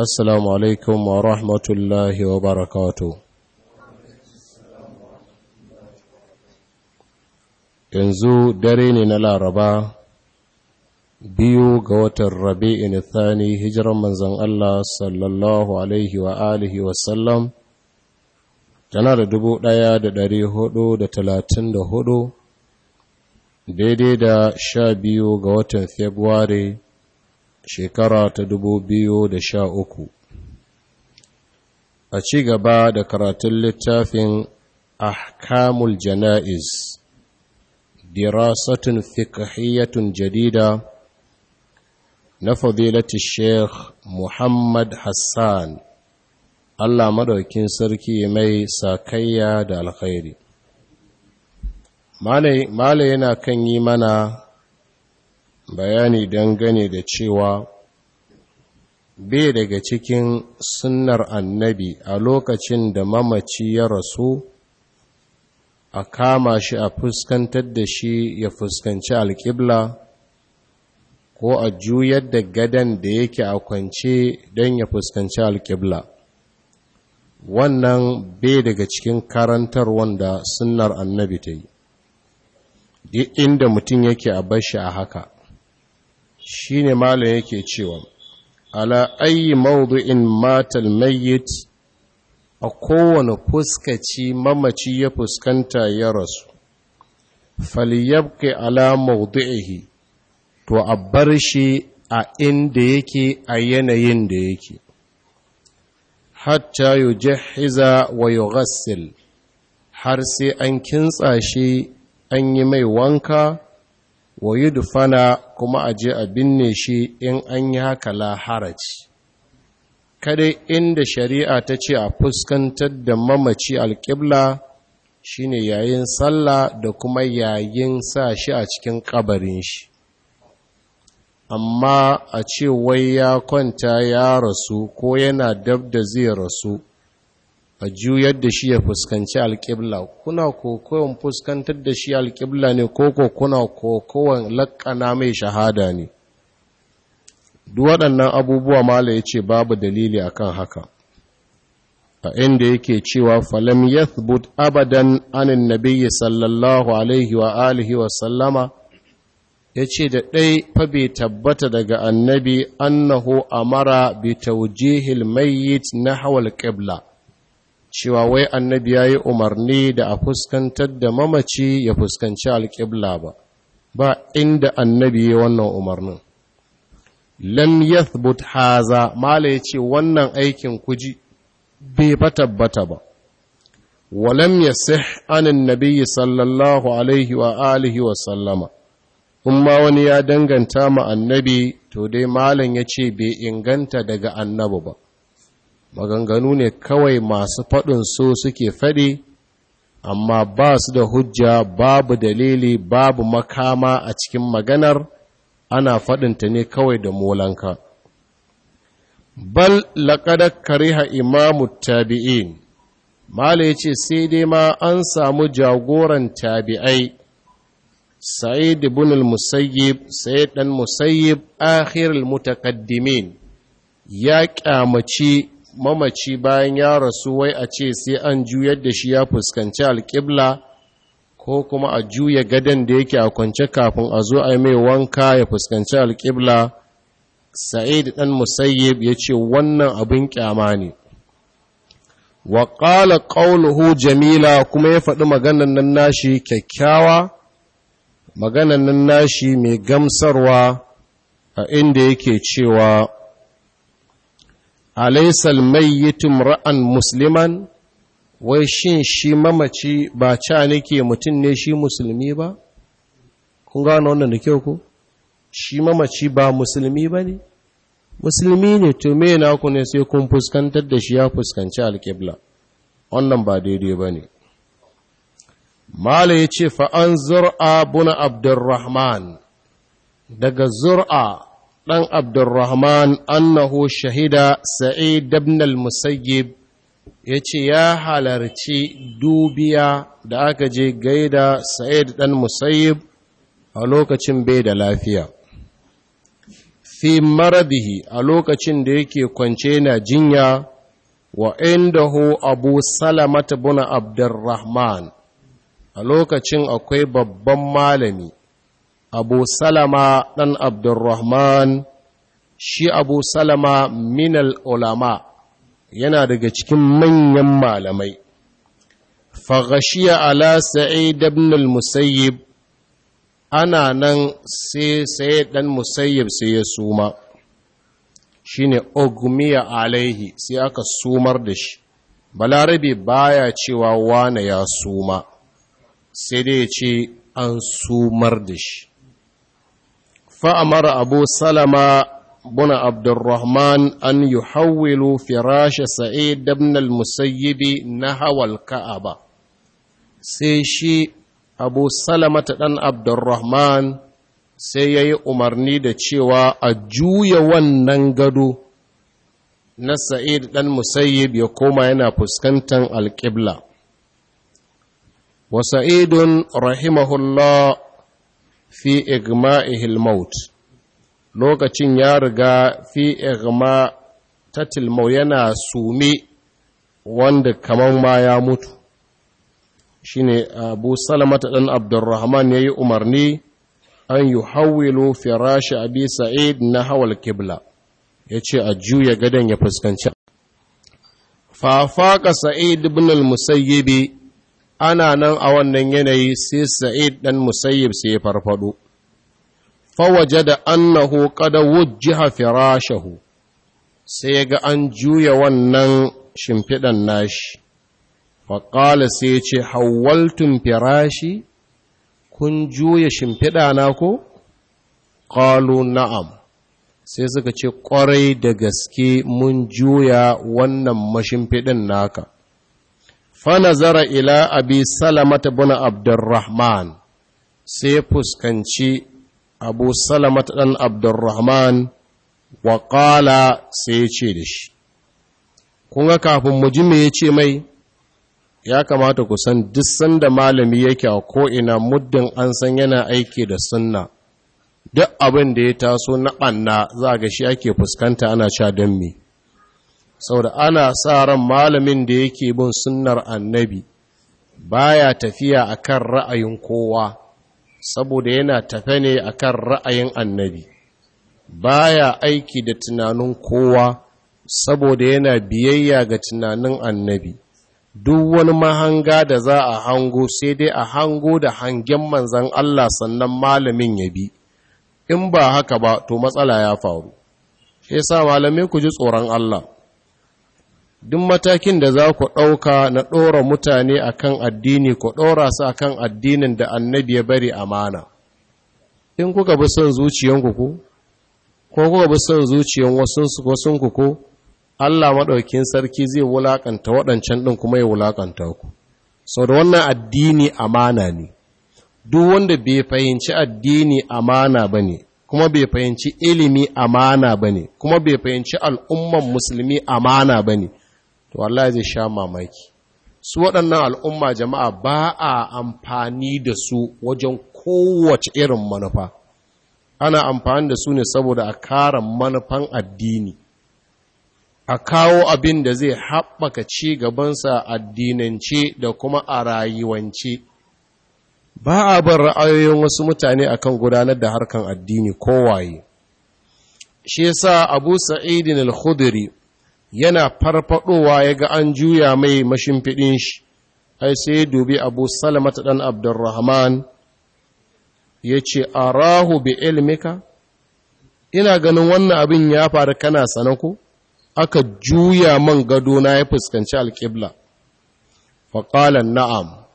assalamu alaikum wa rahmatullahi wa barakatu yanzu dare ne na laraba biyu ga watan rabi'in thani hijiran manzan Allah sallallahu alaihi wa alihi tana da dubu ɗaya da dari hudu da talatin da hudu daidai da sha biyu ga watan februari shekara ta dubu biyu da sha uku. a ci gaba da karatun littafin ahkamul jana'iz dirasatun fiqhiyyatun jadida na fadilati sheikh muhammad hassan allah madaukin sarki mai sakayya da alkhairi mala yana kan yi mana bayani dangane da cewa bai daga cikin sunnar annabi a lokacin da mamaci ya rasu a kama shi a fuskantar da shi ya fuskanci alƙibla ko a juyar da gadan da yake a kwance don ya fuskanci alƙibla wannan bai daga cikin karantar wanda sunnar annabi ta yi inda mutum yake a bashi a haka shi ne malam yake cewa ala ayi maudu'in matal mayyit a kowane fuskaci mamaci ya fuskanta ya rasu falyabke ala maudu'ihi to a bar shi a inda yake a yanayin da yake hatta yu jihiza wa yu har sai an kintsa shi an yi mai wanka wa yi dufana kuma a je a binne shi in an yi haka laharaci kada inda shari'a ta ce a fuskantar da mamaci alƙibla shine yayin sallah da kuma yayin sa shi a cikin ƙabarin shi amma a ce wai ya kwanta ya rasu ko yana dab da zai rasu a juyar da shi ya fuskanci alƙibla kuna kokawan fuskantar da shi alƙibla ne koko kuna kokawan laƙana mai shahada ne duk waɗannan abubuwa mala ya ce babu dalili akan haka a inda yake cewa falam yathbut abadan anin nabiyyi sallallahu alaihi wa alihi wa sallama ya ce da ɗai fa tabbata daga annabi annahu amara bi taujihil mayyit na hawal ƙibla cewa wai annabi ya yi umarni da a fuskantar da mamaci ya fuskanci alƙibla ba ba inda annabi ya wannan umarnin lam yathbut haza mala yace wannan aikin kuji bai tabbata ba walam yasih anin nabiyyi sallallahu alaihi wa alihi wa sallama in ma wani ya danganta ma annabi to dai malam yace bai inganta daga annabi ba maganganu ne kawai masu faɗin so suke faɗi amma ba su da hujja babu dalili babu makama a cikin maganar ana faɗinta ne kawai da molanka bal laƙada kariha imamu tabi'in mala ya ce sai dai ma an samu jagoran tabi'ai sa'id ibn al-musayyib sa'id dan musayyib akhir al ya kyamaci mamaci bayan ya rasu wai a ce sai an juyar da shi ya fuskanci alƙibla ko kuma a juya gadon da yake a kwance kafin a zo a mai wanka ya fuskanci alƙibla sa'id ɗan musayyib ya ce wannan abin kyama ne Waƙala ƙala ƙauluhu jamila kuma ya faɗi maganan nan nashi kyakkyawa maganan nan nashi mai gamsarwa a inda yake cewa alaisal mayyitum ra'an musliman wai shin shi mamaci ba ca nake mutum ne shi musulmi ba kun gano wannan da kyau ku shi mamaci ba musulmi ba ne musulmi ne to me na ku ne sai kun fuskantar da shi ya fuskanci alƙibla wannan ba daidai ba ne mala ya ce fa'an zura buna abdurrahman daga zura ɗan Abdurrahman annahu shahida Sa'id Dabnal Musayyib ya ce ya halarci dubiya da aka je gaida Sa'id ɗan Musayyib a lokacin bai da lafiya. Fi maradihi a lokacin da yake kwance na jinya wa indahu Abu Salamata buna Abdurrahman a lokacin akwai babban malami abu salama ɗan abdurrahman shi abu salama minal ulama yana daga cikin manyan malamai faghashiya ala sa'id ibn al-musayyib ana nan sai sai dan musayyib sai ya suma shine ogmiya alaihi sai aka sumar da shi balarabe baya cewa wane ya suma sai dai ce an sumar da shi فأمر أبو سلمة بن عبد الرحمن أن يحول فراش سعيد بن المسيب نحو الكعبة سيشي أبو سلمة بن عبد الرحمن سيي أمرني دا cewa a juya wannan gado na sa'id ɗan musayyib ya koma yana fuskantar alƙibla wa sa'idun rahimahullah fi igma'ihil maut lokacin ya riga fi igma tatil maut yana sume wanda kaman ma ya mutu shine abu salamata dan abdurrahman yi umarni an yuhawwilu firashi abi sa'id na hawal kibla yace a juya gadon ya fuskanci fafaqa sa'id ibn al musayyibi ana nan a wannan yanayi sai sa'id ɗan musayyib sai ya farfado fawaje da annahu kada wujjiha firashahu sai ga an juya wannan shimfiɗan nashi faƙala sai ce hawaltun firashi kun juya shimfiɗa na ko ƙalu na'am sai suka ce ƙwarai da gaske mun juya wannan mashimfiɗin naka fanazara ila abi salamata bin abdurrahman sai fuskanci abu salamata ɗan abdurrahman wa ƙala sai ya ce da shi kunga kafin mu ji me ya ce mai ya kamata ku san duk sanda malami yake a ko'ina muddin an san yana aiki da sunna duk abin da ya taso na ɓanna za ga shi ake fuskanta ana sha don Sau da ana sa ran malamin da yake bin sunnar annabi baya tafiya akan ra'ayin kowa saboda yana tafe ne akan ra'ayin annabi baya aiki da tunanin kowa saboda yana biyayya ga tunanin annabi duk wani mahanga da za a hango sai dai a hango da hangen manzan Allah sannan malamin ya bi in ba haka ba to matsala ya faru shi yasa malamai ku ji tsoron Allah duk matakin da za ku ɗauka na ɗora mutane a kan addini ku ɗora su a kan addinin da annabi ya bari amana in kuka bi son zuciyanku ko ko kuka bi son zuciyan wasunku ko Allah maɗaukin sarki zai wulaƙanta waɗancan ɗin kuma ya wulaƙanta ku sau da wannan addini amana ne duk wanda bai fahimci addini amana ba ne kuma bai fahimci ilimi amana ba ne kuma bai fahimci al'umman musulmi amana ba ne to wallahi zai sha mamaki su waɗannan al'umma jama'a ba a amfani da su wajen kowace irin manufa ana amfani da su ne saboda a kara manufan addini a kawo abin da zai haɓaka ci gabansa addinance da kuma a rayuwance ba a bar ra'ayoyin wasu mutane akan gudanar da harkan addini kowaye shi yasa abu sa'idin al-khudri yana farfadowa ya ga an juya mai mashimfiɗin shi ai sai ya dubi abu salamata ɗan abdurrahman ya ce a rahu bi ilmika ina ganin wannan abin ya faru kana sanako aka juya man gado na ya fuskanci alƙibla faƙalan na'am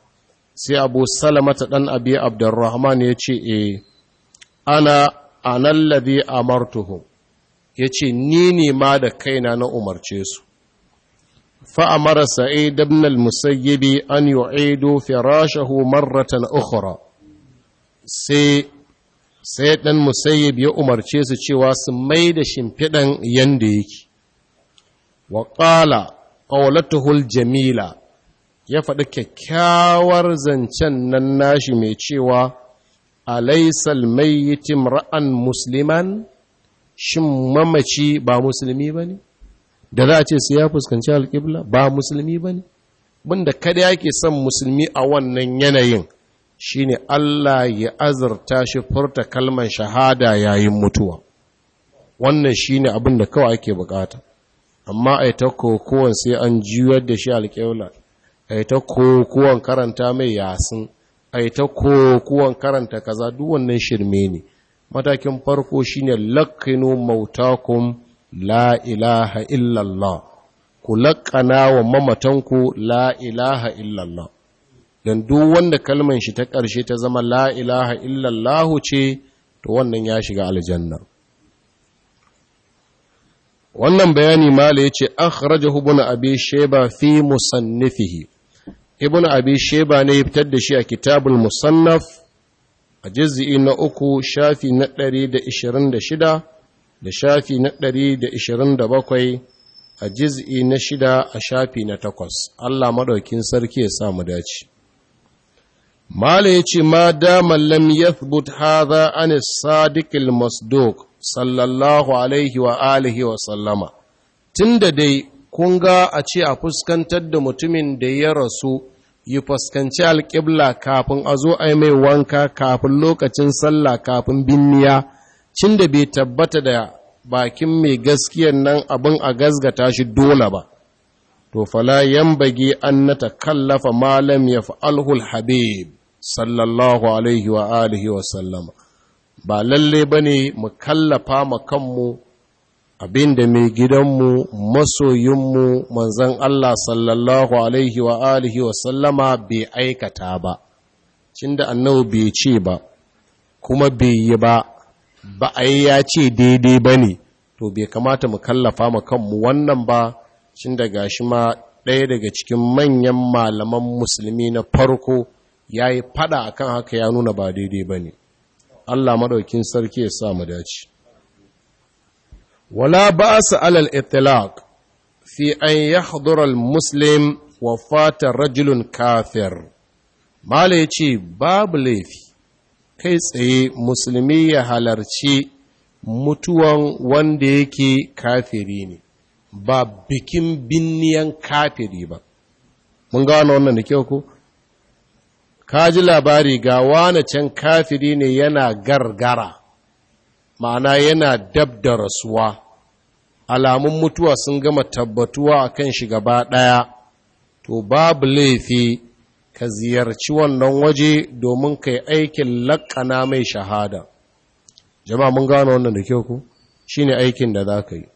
sai abu salamata ɗan abi abdurrahman ya ce e ana a martuhu. ya ce ni ne ma da kaina na umarce su fa’amara sa’e dabnal musayyibi an yi aido firashahu marratan ukhra sai sai ɗan musayyib ya umarce su cewa su mai da shimfiɗan yadda yake wa ƙala ƙaulatuhul jamila ya faɗi kyakkyawar zancen nan nashi mai cewa alaisal mai yi timra’an musliman? shin mamaci ba musulmi ba ne da za a ce su ya fuskanci alƙibla ba musulmi ba ne wanda kada yake son musulmi a wannan yanayin shine Allah ya azurta shi furta kalman shahada yayin mutuwa wannan shine abin da kawai ake bukata amma a yi ta kokowar sai an juyar da shi alƙibla yi ta kokowar karanta mai yasin yi ta kokowar karanta kaza duk wannan shirme ne matakin farko shine lakkinu mautakum la ilaha illallah ku lakkana wa mamatanku la ilaha illallah don duk wanda kalman shi ta ƙarshe ta zama la ilaha illallah ce to wannan ya shiga aljanna wannan bayani mala yace akhrajahu ibn abi Sheba fi musannifihi ibn abi sheba ne fitar da shi a kitabul musannaf a jizzi na uku shafi na ɗari da ishirin da shida da shafi na ɗari da ishirin da bakwai a jiz'i na shida a shafi na takwas Allah maɗaukin sarki ya samu dace Mala ya ce ma damar lam yathbut hadha an sadikil masduq sallallahu alaihi wa alihi wa sallama tunda dai kun ga a ce a fuskantar da mutumin da ya rasu yi fuskanci alƙibla kafin a zo a yi mai wanka kafin lokacin sallah kafin binniya cin da bai tabbata da bakin mai gaskiyar nan abin a gazgata shi dole ba to fala yambage an na kallafa malam ya fa'alhul habib sallallahu alaihi wa alihi wa sallama ba lalle ba ne mu kallafa ma kanmu Abin da mai gidanmu masoyinmu manzan Allah sallallahu alaihi wa alihi wa sallama bai aikata ba cin da annabi bai ce ba kuma bai yi ba ba a yi ya ce daidai ba ne to bai kamata mu kallafa mu kanmu wannan ba cin da gashi ma ɗaya daga cikin manyan malaman musulmi na farko ya yi fada akan haka ya nuna ba daidai ba ne Allah maɗaukin sarki ya sa mu dace wala ba'sa alal itlaq fi an yahdura al muslim wafata rajulun kafir mala ya babu laifi kai tsaye musulmi ya halarci mutuwan wanda yake kafiri ne ba bikin binniyan kafiri ba mun gano wannan da kyau ko ka ji labari ga wane can kafiri ne yana gargara ma'ana yana dab da rasuwa alamun mutuwa sun gama tabbatuwa a kan shi gaba ɗaya to babu laifi ka ziyarci wannan waje domin ka yi aikin laƙana mai shahada jama'a mun gano wannan da kyau ku shi ne aikin da za ka yi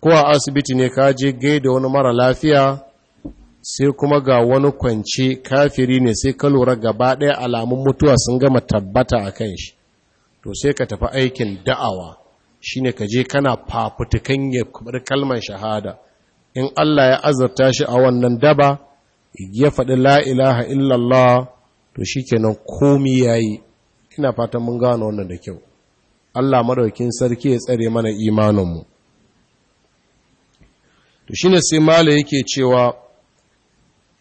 ko a asibiti ne ka je gaida wani mara lafiya sai kuma ga wani kwance kafiri ne sai ka lura gaba ɗaya alamun mutuwa sun gama tabbata a kan shi to sai ka tafi aikin da'awa shine ka je kana fafutukan ya kubar kalmar shahada in Allah ya azarta shi a wannan daba ya faɗi la ilaha illallah to shi kenan komi yi. ina fatan mun gano wannan da kyau Allah maraukin sarki ya tsare mana imaninmu to shine sai mala yake cewa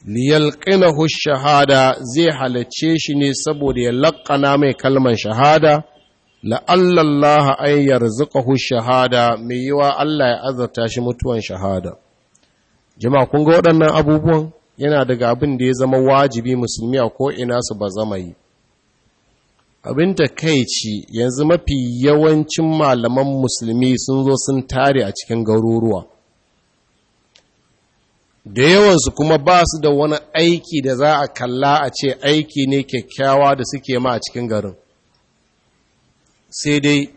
liyalƙinahu shahada zai halacce shi ne saboda ya laƙana mai kalmar shahada la'allallaha an yarzuqahu shahada mai yiwa Allah ya azarta shi mutuwan shahada jama'a kun ga waɗannan abubuwan yana daga abin da ya zama wajibi musulmi a ko'ina su ba zama yi abin ci yanzu mafi yawancin malaman musulmi sun zo sun tare a cikin garuruwa da yawansu kuma ba su da wani aiki da za a kalla a ce aiki ne kyakkyawa da suke ma a cikin garin sai dai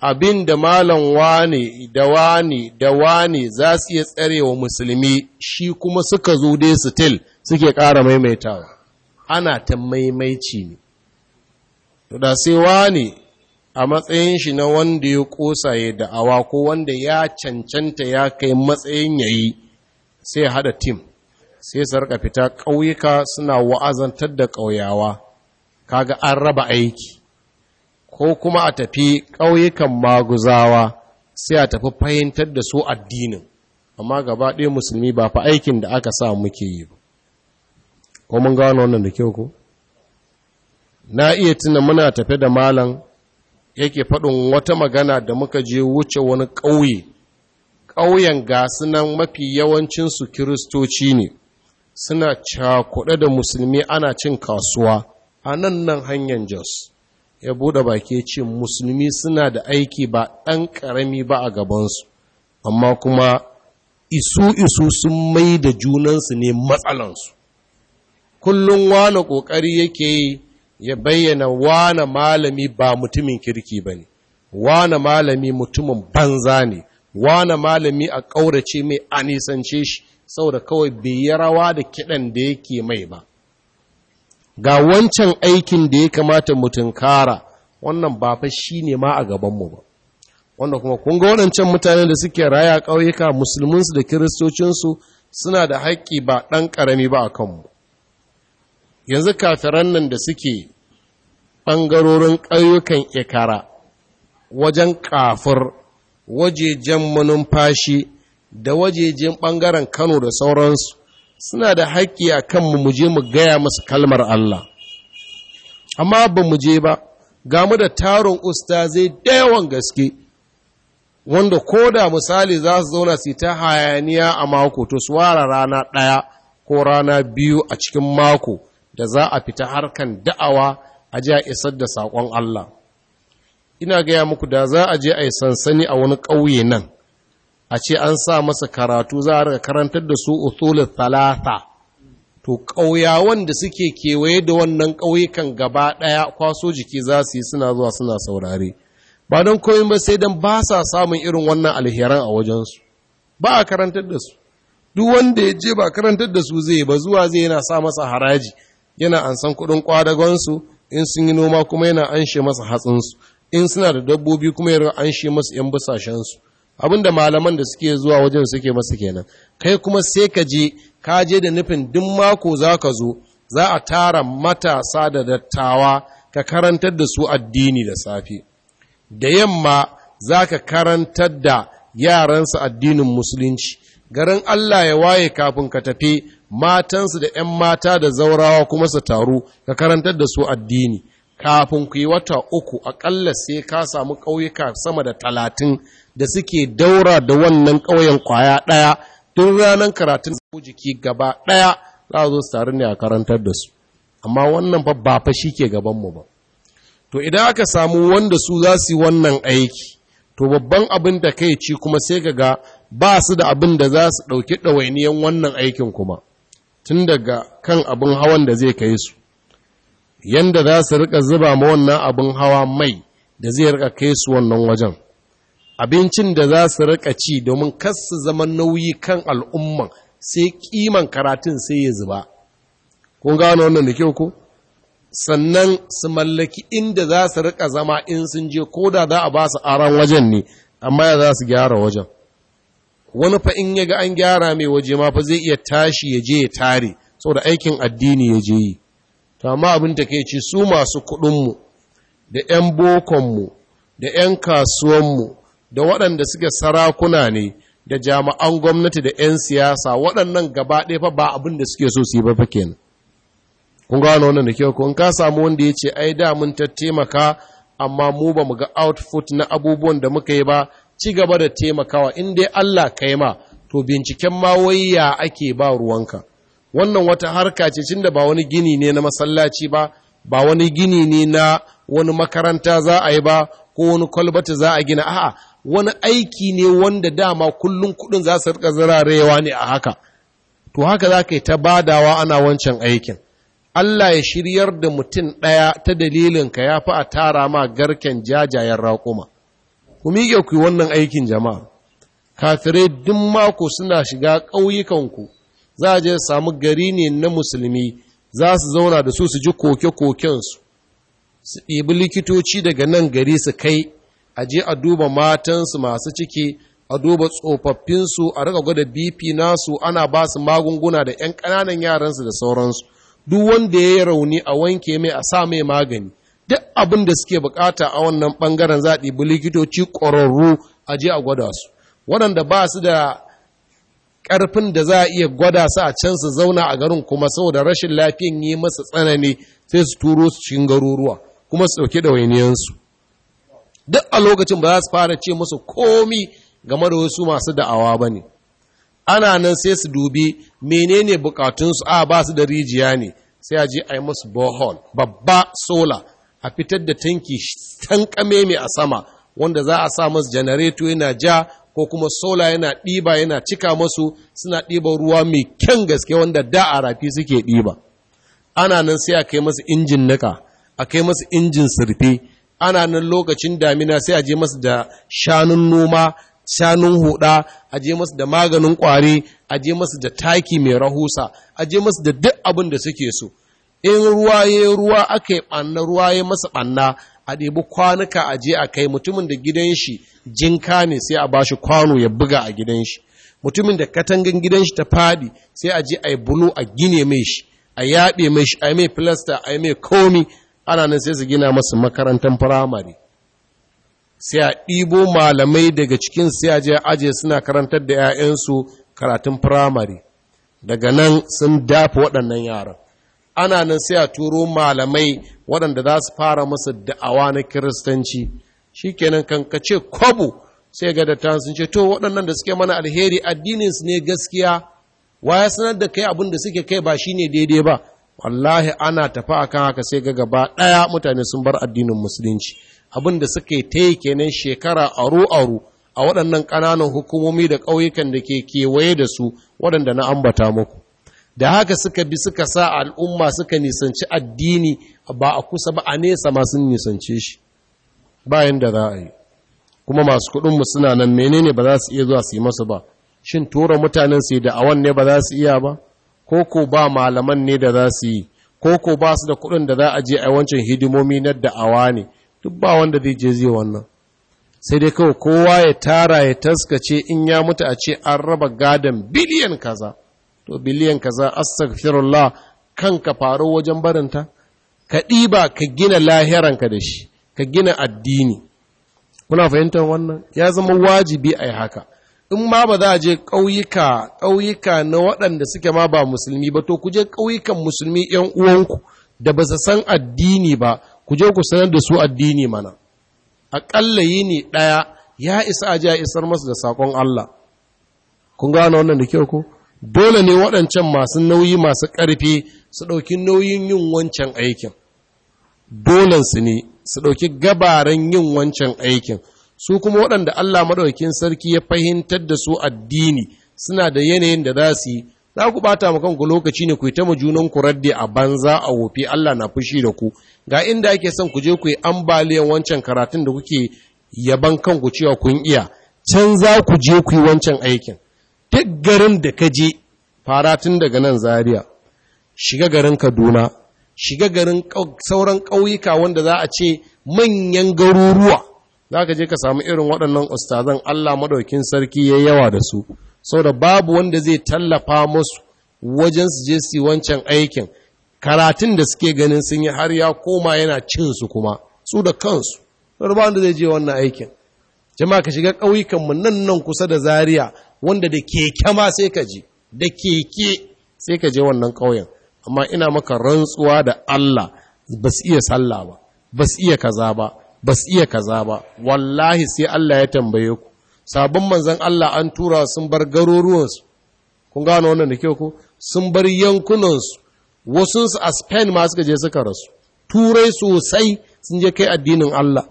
abin da malam wane da wane da wane za su iya tsarewa musulmi shi kuma suka zo dai su tel suke ƙara maimaitawa ana ta maimaici ne da sai wane a matsayin shi na wanda ya ƙosa ya da'awa ko wanda ya cancanta ya kai matsayin yayi sai ya haɗa tim sai su fita ƙauyuka suna wa'azantar da ƙauyawa kaga an raba aiki ko kuma a tafi ƙauyukan maguzawa sai a tafi fahimtar da su addinin amma gaba ɗaya musulmi ba fa aikin da aka sa muke yi ba ko mun gano wannan da kyau ko na iya tuna muna tafe da malam yake faɗin wata magana da muka je wuce wani ƙauye ƙauyen gasu nan mafi yawancinsu kiristoci ne suna cakuɗe da musulmi ana cin kasuwa a nan nan hanyar jos ya bude baki ce musulmi suna da aiki ba ɗan ƙarami ba a gabansu amma kuma isu isu sun mai da junansu ne matsalansu kullum wane ƙoƙari yake ya bayyana wane malami ba mutumin kirki ba ne wane malami mutumin banza ne wane malami a ƙaurace mai a shi, sau da kawai bai yi rawa da kiɗan da yake mai ba ga wancan aikin da ya kamata mutum kara wannan ba fa shi ne ma a gabanmu ba wanda kuma kun ga waɗancan mutanen da suke raya ƙauyuka musulminsu da kiristocinsu suna da haƙƙi ba ɗan ƙarami ba a kanmu yanzu kafiran nan da suke ɓangarorin ƙauyukan ikara wajen kafir wajejen manumfashi da wajejen ɓangaren kano da sauransu suna da haƙƙi a kanmu mu muje mu gaya masu kalmar Allah amma ba mu je ba ga da taron ustazai da yawan gaske wanda ko da misali za su zauna su ta hayaniya a mako to su ware rana ɗaya ko rana biyu a cikin mako da za a fita harkan da'awa a ji a isar da saƙon Allah ina gaya muku da za a je a yi sansani a wani ƙauye nan a ce an sa masa karatu za a rika karantar da su usulul talata to ƙauyawan da suke kewaye da wannan ƙauyukan gaba ɗaya kwaso jiki za su yi suna zuwa suna saurare ba don koyi ba sai don ba sa samun irin wannan alheran a wajensu ba a karantar da su duk wanda ya je ba karantar da su zai ba zuwa zai yana sa masa haraji yana ansan kuɗin kwadagonsu in sun yi noma kuma yana anshe masa hatsinsu in suna da dabbobi kuma yana anshe masu 'yan busashensu abinda malaman da suke zuwa wajen suke masu kenan kai kuma sai ka je ka je da nufin duk mako za ka zo za a tara matasa da dattawa ka karantar da su addini da safe da yamma za ka karantar da yaransu addinin musulunci garin Allah ya waye kafin ka tafi matansu da ‘yan mata da zaurawa kuma su taru ka karantar da su addini kafin ku yi wata uku aƙalla sai ka samu ƙauyuka sama da talatin da suke daura da wannan ƙauyen ƙwaya ɗaya tun ranar karatun su jiki gaba ɗaya za a zo su taru ne a karantar da su amma wannan babba ba fa shi ke gabanmu ba to idan aka samu wanda su za su yi wannan aiki to babban abin da kai ci kuma sai ka ga ba su da abin da za su ɗauki ɗawainiyan wannan aikin kuma tun daga kan abin hawan da zai kai su yanda za su rika zuba ma wannan abin hawa mai da zai rika kai su wannan wajen abincin da za su rika ci domin kas su zama nauyi kan al'umma sai kiman karatun sai ya zuba kun gano wannan da kyau ko sannan su mallaki inda za su rika zama in sun je ko da za a ba su aran wajen ne amma ya za su gyara wajen wani fa in ya ga an gyara mai waje ma fa zai iya tashi ya je ya tare saboda aikin addini ya je yi ta ma abin da ke ci su masu kuɗinmu da 'yan bokonmu da 'yan kasuwanmu da waɗanda suke sarakuna ne da jami'an gwamnati da 'yan siyasa waɗannan gaba ɗaya fa ba abin da suke so su yi ba ke kun gano wannan da kyau kun ka samu wanda ya ce ai da mun taimaka amma mu ba mu ga output na abubuwan da muka yi ba ci gaba da taimakawa in dai Allah kai ma to binciken ma wai ya ake ba ruwanka wannan wata harka ce cinda ba wani gini ne na masallaci ba ba wani gini ne na wani makaranta za a yi ba ko wani kwalbata za a gina a'a wani aiki ne wanda dama kullum kudin za su rika zirarewa ne a haka to haka za ka yi ta badawa ana wancan aikin Allah ya shiryar da mutum ɗaya ta dalilinka ya fi a tara ma garken jajayen raƙuma. Ku miƙe ku wannan aikin jama'a, kafirai duk mako suna shiga ƙauyukanku za a je samu gari ne na musulmi za su zauna da su su ji koke-kokensu su ɗibi likitoci daga nan gari su kai a je a duba matansu masu ciki a duba tsofaffinsu a rika gwada bp nasu ana ba su magunguna da 'yan ƙananan yaransu da sauransu duk wanda ya yi rauni a wanke mai a sa mai magani duk abin da suke bukata a wannan bangaren za a ɗibi likitoci ƙwararru a je a gwada su waɗanda ba su da ƙarfin da za a iya gwada su a can su zauna a garin kuma saboda rashin lafiyan yi masa tsanani sai su turo su cikin garuruwa kuma su da ɗawainiyansu duk a lokacin ba za su fara ce musu komi game da wasu masu da'awa ba ne ana nan sai su dubi menene bukatunsu a ba su da rijiya ne sai a je a yi musu bohol babba sola a fitar da tanki tankame mai a sama wanda za a sa masu janareto yana ja ko kuma sola yana ɗiba yana cika masu suna ɗiba ruwa mai kyan gaske wanda da a rafi suke ɗiba ana nan sai a kai masu injin nika a kai masu injin sirfi, ana nan lokacin damina sai a je masu da shanun noma shanun huda a je masu da maganin kwari a je masu da taki mai rahusa a je masu da duk abin da suke so in ruwa ya ruwa aka yi ɓanna ruwa ya masa ɓanna a kwanuka a je a kai mutumin da gidan shi jinka ne sai a bashi kwano ya buga a gidan shi mutumin da katangan gidan shi ta fadi sai a je a yi bulu a gine mai shi a yaɓe mai shi a yi mai filasta a yi mai komi ana nan sai su gina masu makarantar firamare sai a ɗibo malamai daga cikin sai a je aje suna karantar da 'ya'yansu karatun firamare daga nan sun dafa waɗannan yaran ana nan sai a turo malamai waɗanda za su fara masa da'awa na kiristanci shi kenan kankace kwabo sai ga dattawan sun ce to waɗannan da suke mana alheri addinin su ne gaskiya waya sanar da kai abin da suke kai ba shi ne daidai ba wallahi ana tafi akan haka sai ga gaba ɗaya mutane sun bar addinin musulunci abin da suke ta yi kenan shekara aru-aru a waɗannan ƙananan hukumomi da ƙauyukan da ke kewaye da su waɗanda na ambata muku da haka suka bi suka sa al'umma suka nisanci addini ba a kusa ba a nesa masu nisance shi bayan da za a yi kuma masu kuɗinmu suna nan menene ba za su iya zuwa su yi masu ba shin tura mutanen su yi da'awan ne ba za su iya ba ko ko ba malaman ne da za su yi ko ko ba su da kuɗin da za a je a wancan hidimomi na da'awa ne duk ba wanda zai je zai wannan sai dai kawai kowa ya tara ya taskace in ya mutu a ce an raba gadon biliyan kaza to biliyan kaza astaghfirullah kanka faru wajen barinta ka ɗiba ka gina lahiranka da shi ka gina addini kuna fahimtar wannan ya zama wajibi a yi haka in ma ba za a je ƙauyuka ƙauyuka na waɗanda suke ma ba musulmi ba to ku je ƙauyukan musulmi ‘yan uwanku da ba su san addini ba ku je ku sanar da su addini mana aƙalla yini ɗaya ya isa a ji a isar masu da saƙon Allah kun gane wannan da kyau ko dole ne waɗancan masu nauyi masu ƙarfi su ɗauki nauyin yin wancan aikin dolansu ne su ɗauki gabaran yin wancan aikin su kuma waɗanda Allah maɗaukin sarki ya fahimtar da su addini suna da yanayin da za su yi za ku ɓata ma kanku lokaci ne ku yi ta junan ku radde a banza a wofi Allah na fushi da ku ga inda ake son ku je ku yi ambaliyan wancan karatun da kuke yaban kanku cewa kun iya can za ku je ku yi wancan aikin duk garin da ka je faratun daga nan zaria shiga garin kaduna shiga garin sauran ƙauyuka wanda za a ce manyan garuruwa za ka je ka samu irin waɗannan ustazan allah maɗaukin sarki ya yawa da su sau da babu wanda zai tallafa musu wajen su je su wancan aikin karatun da suke ganin sun yi har ya koma yana cin su kuma su da kansu ba wanda zai je wannan aikin jama'a ka shiga ƙauyukanmu nan nan kusa da zaria wanda da keke ma sai ka je da keke sai ka je wannan ƙauyen amma ina maka rantsuwa da Allah ba su iya sallah ba ba su iya kaza ba ba su iya kaza ba wallahi sai Allah ya tambaye ku sabon manzon Allah an tura sun bar garuruwansu kun gano wannan da kyau ko sun bar yankunansu wasu su a Spain ma suka je suka rasu turai sosai sun je kai addinin Allah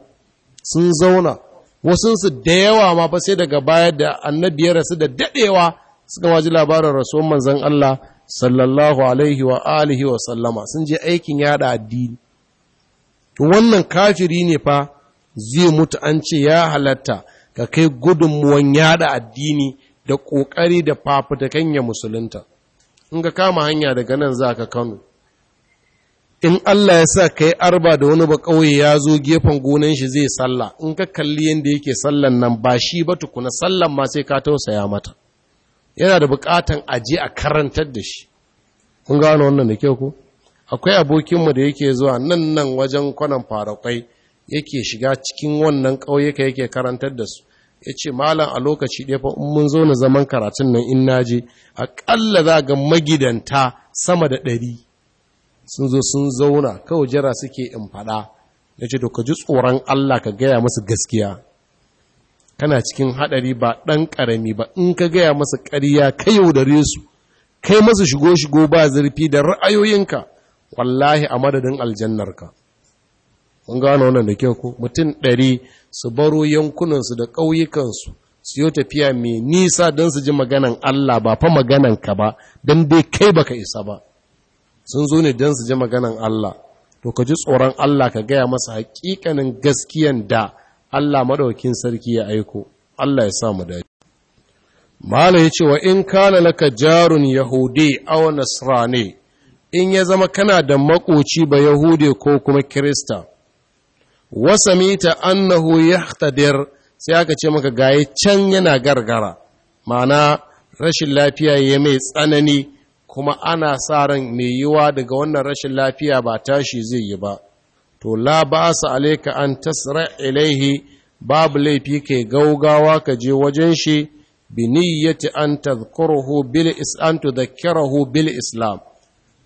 sun zauna wasunsu da yawa ma fa sai daga baya da annabi ya rasu da dadewa suka waji labarin rasuwan manzon Allah sallallahu alaihi wa alihi wa sallama sun je aikin yada addini to wannan kafiri ne fa zai mutu an ce ya halatta ka kai gudunmuwan yada addini da kokari da fafutakan ya musulunta in ka kama hanya daga nan za ka Kano in Allah ya sa ka yi arba da wani ba ƙauye ya zo gefen gonan shi zai sallah in ka kalli yadda yake sallan nan ba shi ba tukuna sallan ma sai ka tausaya mata yana da buƙatan aje a karantar da shi kun gano wannan da kyau ko akwai abokinmu da yake zuwa nan nan wajen kwanan farakwai yake shiga cikin wannan ƙauyuka yake karantar da su ya ce malam a lokaci ɗaya fa mun zo na zaman karatun nan in na naje aƙalla za ga magidanta sama da ɗari sun zo sun zauna kawai jira suke in faɗa ya ce to ka ji tsoron Allah ka gaya masu gaskiya kana cikin haɗari ba ɗan karami ba in ka gaya masu ƙarya ka yaudare su kai masu shigo-shigo ba zurfi da ra'ayoyinka wallahi a madadin aljannarka mun gano wannan da kyau ko mutum ɗari su baro yankunansu da ƙauyukansu su yi tafiya mai nisa don su ji maganan Allah ba fa maganan ka ba don dai kai baka isa ba sun zo ne don su ji maganan Allah to ka ji tsoron Allah ka gaya masa hakikanin gaskiyan da Allah madaukin sarki ya aiko Allah ya sa mu dace mala ya wa in kana laka jarun yahudi aw nasrani in ya zama kana da makoci ba yahude ko kuma kirista wasamita annahu yahtadir sai aka ce maka gaye can yana gargara ma'ana rashin lafiya ya mai tsanani kuma ana sa ran mai yiwa daga wannan rashin lafiya ba tashi zai yi ba to la ba su alaika an tasra ilaihi babu laifi kai gaugawa ka je wajen shi bi niyyati an tadhkuruhu bil an tudhakkirahu bil islam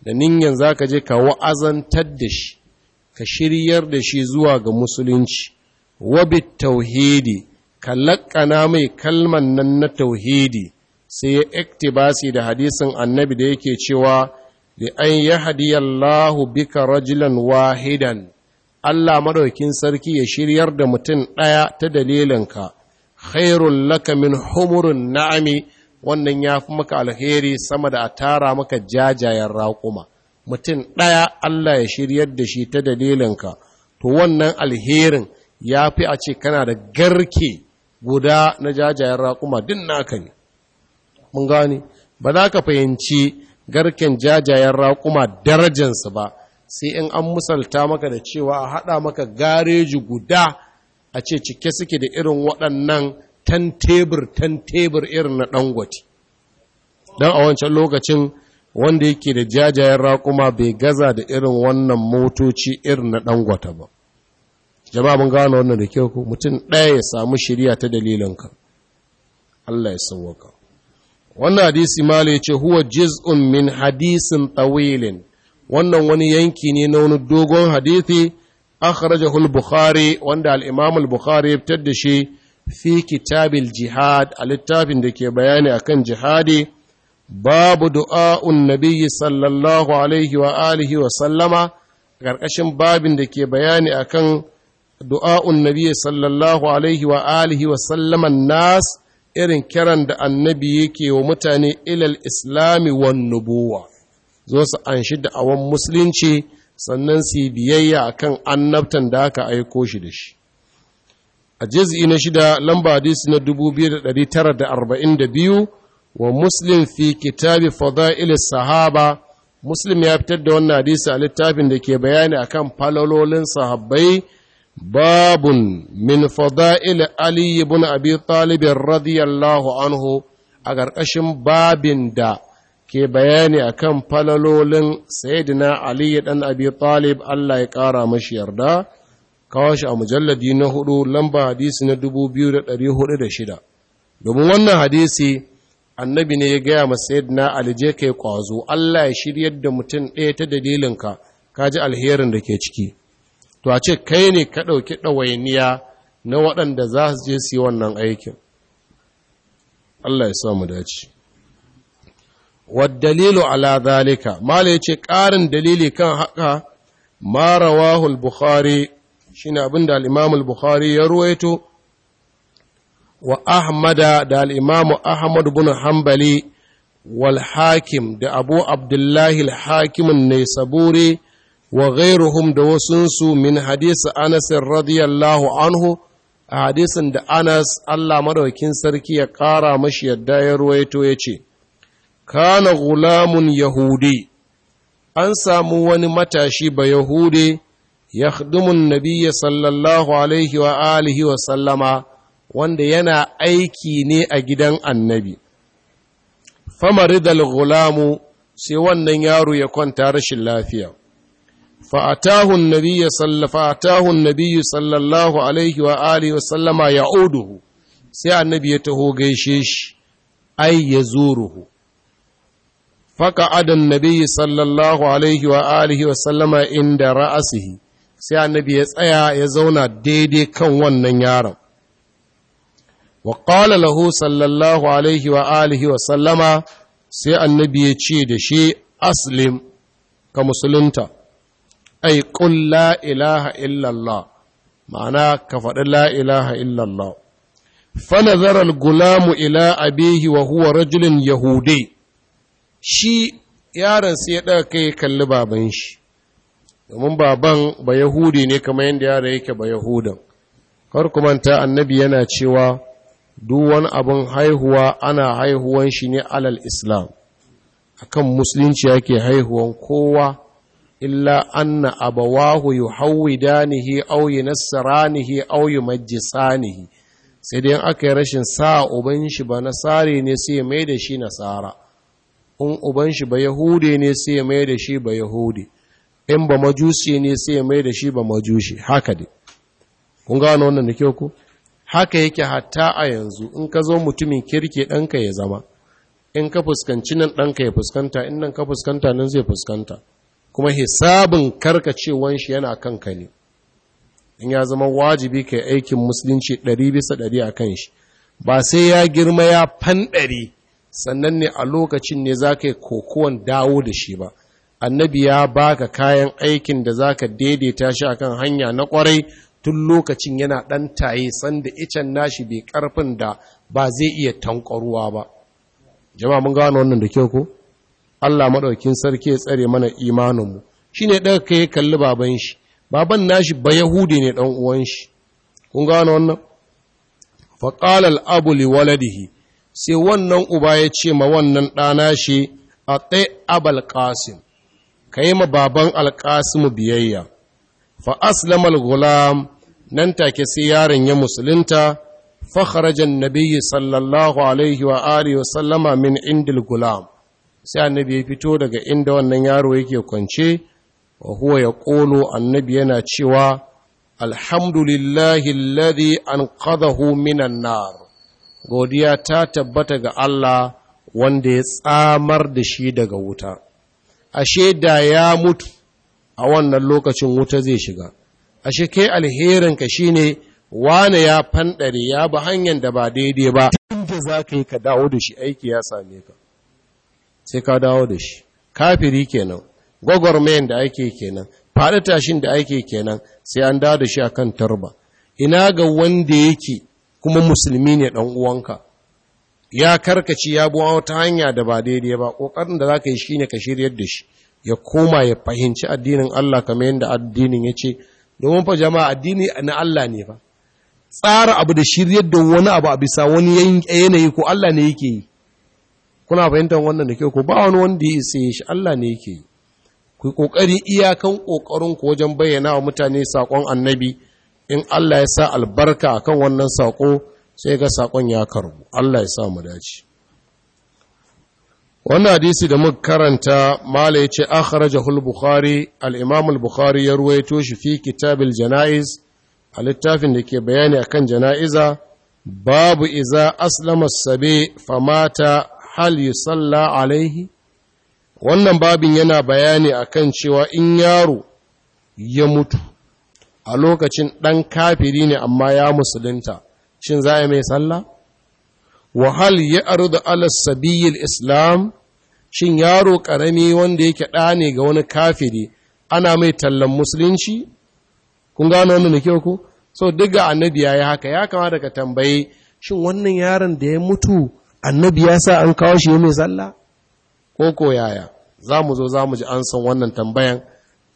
da ninyan zaka je ka wa'azantar da shi ka shiryar da shi zuwa ga musulunci wa tauhidi ka laƙana mai kalman nan na tauhidi sai ya iktibasi da hadisin annabi da yake cewa da an yi hadiyallahu bika rajilan wahidan Allah madaukin sarki ya shiryar da mutum ɗaya ta dalilinka khairun laka min na'ami wannan ya fi maka alheri sama da a tara maka jajayen raƙuma mutum ɗaya Allah ya shiryar da shi ta dalilinka to wannan alherin ya fi a ce kana da garke guda na jajayen raƙuma din naka ne mun gani ba za ka fahimci garken jajayen raƙuma darajansu ba sai in an musalta maka da cewa a haɗa maka gareji guda a ce cike suke da irin waɗannan tan tebur tan tebur irin na ɗangwati don a wancan lokacin wanda yake da jajayen raƙuma bai gaza da irin wannan motoci irin na ɗangwata ba jama'a mun gano wannan da kyau mutum ɗaya ya samu shirya ta dalilinka Allah ya sauwaka wannan hadisi male yace huwa jiz'un min hadisin tawilin wannan wani yanki ne na wani dogon hadisi akhrajahu al-bukhari wanda al-imam al-bukhari ya fitar da shi fi kitabil jihad a littafin da ke bayani akan jihadi babu du'a'un nabiyyi sallallahu alaihi wa alihi wa sallama ƙarƙashin babin da ke bayani akan du'a'un nabiyyi sallallahu alaihi wa alihi wa sallaman nas irin kiran da annabi yake wa mutane ilal islami wan nubuwa zo su anshi da'awan musulunci sannan su biyayya kan annabtan da aka aiko shi da shi a jizi na shida lamba hadisi na 2942 wa muslim fi kitabi fada'il sahaba muslim ya fitar da wannan hadisi a littafin da ke bayani akan falalolin sahabbai babun min fada'il ali bin abi talib radiyallahu anhu a ƙarƙashin babin da ke bayani akan falalolin sayyidina ali dan abi talib Allah ya ƙara mashi yarda kawo shi a mujalladi na hudu lamba hadisi na da hudu shida. domin wannan hadisi annabi ne ya gaya ma sayyidina ali je kai ƙwazo. Allah ya shiryar da mutum ɗaya ta dalilinka ji alherin da ke ciki to a ce kai ne ka ɗauki ɗawainiya na waɗanda za su je su yi wannan aikin Allah ya samu dace waddalilu ala zalika mala yace ƙarin dalili kan haka ma rawahu al-bukhari shine abinda al-imam al-bukhari ya ruwaito wa ahmada da al-imam ahmad ibn hanbali wal hakim da abu abdullahi al-hakim an wa gairuhu da wasunsu min hadisi Anas radiyallahu anhu a hadisin da Anas Allah madaukin sarki ya ƙara mashi yadda ya ruwaito ya ce, Kana gulamun Yahudi, an samu wani matashi ba Yahudi ya hudumun nabiya sallallahu wanda yana aiki ne a gidan annabi. Famari da gulamu sai wannan yaro ya kwanta rashin lafiya. فأتاه النبي صلى فأتاه النبي صلى الله عليه وآله وسلم يعوده سي النبي يتهو غيشيش أي يزوره فقعد النبي صلى الله عليه وآله وسلم عند رأسه سي النبي يتأيا يزونا ديدي كون ونن يارم وقال له صلى الله عليه وآله وسلم سي النبي يتشيد شي أسلم كمسلمته ai qul la ilaha illallah ma'ana ka faɗi la ilaha illallah فنظر الغلام إلى أبيه وهو رجل يهودي shi yaron sai ya ɗaga kai kalli baban shi domin baban ba yahudi ne kamar yadda yaro yake ba yahudan kar ku manta annabi yana cewa duk wani abin haihuwa ana haihuwan shi ne alal islam akan musulunci yake haihuwan kowa illa anna أبواه yuhawwidanihi أو ينسرانه أو يمجسانه sai dai aka yi rashin sa uban shi ba nasare ne sai ya mai da shi nasara in uban shi ba yahude ne sai mai da shi ba yahude in ba majusi ne sai mai da shi ba haka kun gano wannan da kyau ku haka yake hatta a yanzu in ka zo mutumin kirki ɗanka ya zama in ka fuskanci nan ɗanka ya fuskanta in nan ka fuskanta nan zai fuskanta kuma hisabin karkacewan shi yana kanka ne in ya zama wajibi ka aikin musulunci ɗari bisa ɗari a kan shi ba sai ya girma ya fanɗari sannan ne a lokacin ne za ka yi kokowan dawo da shi ba annabi ya baka kayan aikin da za ka daidaita shi a kan hanya na kwarai tun lokacin yana ɗan taye sanda icen nashi bai ƙarfin da ba zai iya tankwaruwa ba jama'a mun gano wannan da kyau ko Allah maɗaukin sarki ya tsare mana imaninmu shi ne ɗaga ka yi kalli baban shi baban nashi ba yahudi ne ɗan uwan shi kun gano wannan faƙal al'abu waladihi sai wannan uba ya ce ma wannan ɗana shi a tsaye abal ƙasim ka yi ma baban alƙasimu biyayya fa aslamal gulam nan take sai yaron ya musulunta kharajan nabiyyi sallallahu alaihi wa alihi wa sallama min indil gulam sai annabi ya fito daga inda wannan yaro yake kwance wa huwa ya ƙolo annabi yana cewa alhamdulillahi alladhi anqadahu minan nar godiya ta tabbata ga Allah wanda ya tsamar da shi daga wuta ashe da ya mutu a wannan lokacin wuta zai shiga ashe kai alherin ka shine wane ya fanɗare ya ba hanyar da ba daidai ba inda za ka yi ka dawo da shi aiki ya same ka sai ka dawo da shi kafiri kenan gwagwarmayan da ake kenan faɗi tashin da ake kenan sai an dawo da shi akan tarba ina ga wanda yake kuma musulmi ne ɗan uwanka ya karkaci ya buwa wata hanya da ba daidai ba ƙoƙarin da zaka yi shine ka shiryar da shi ya koma ya fahimci addinin Allah kamar yadda addinin yace ce domin fa jama'a addini na Allah ne fa tsara abu da shiryar da wani abu a bisa wani yanayi ko Allah ne yake yi kuna fahimtar wannan da ke ku ba wani wanda ya isa shi Allah ne yake ku yi kokari iyakan kokarin ku wajen bayyana wa mutane sakon annabi in Allah ya sa albarka akan wannan sako sai ga sakon ya karbu Allah ya sa mu dace wannan hadisi da muka karanta mala ya ce akhrajahul bukhari al-imam al-bukhari ya ruwaito shi fi kitabil janaiz a littafin da ke bayani akan janaiza babu iza aslama sabi famata hal salla alaihi wannan babin yana bayani a kan cewa in yaro ya mutu a lokacin ɗan kafiri ne amma ya musulunta shin za a mai sallah wahal ya aru da alasabiyyar islam shin yaro ƙarami wanda yake ɗa ne ga wani kafiri ana mai tallan musulunci kun gano wanda nake kyau ku so duk ga annabi yi haka ya kamata ka tambaye shin wannan yaron da ya mutu annabi ya sa an kawo shi mai sallah ko ko yaya za mu zo za mu ji an san wannan tambayan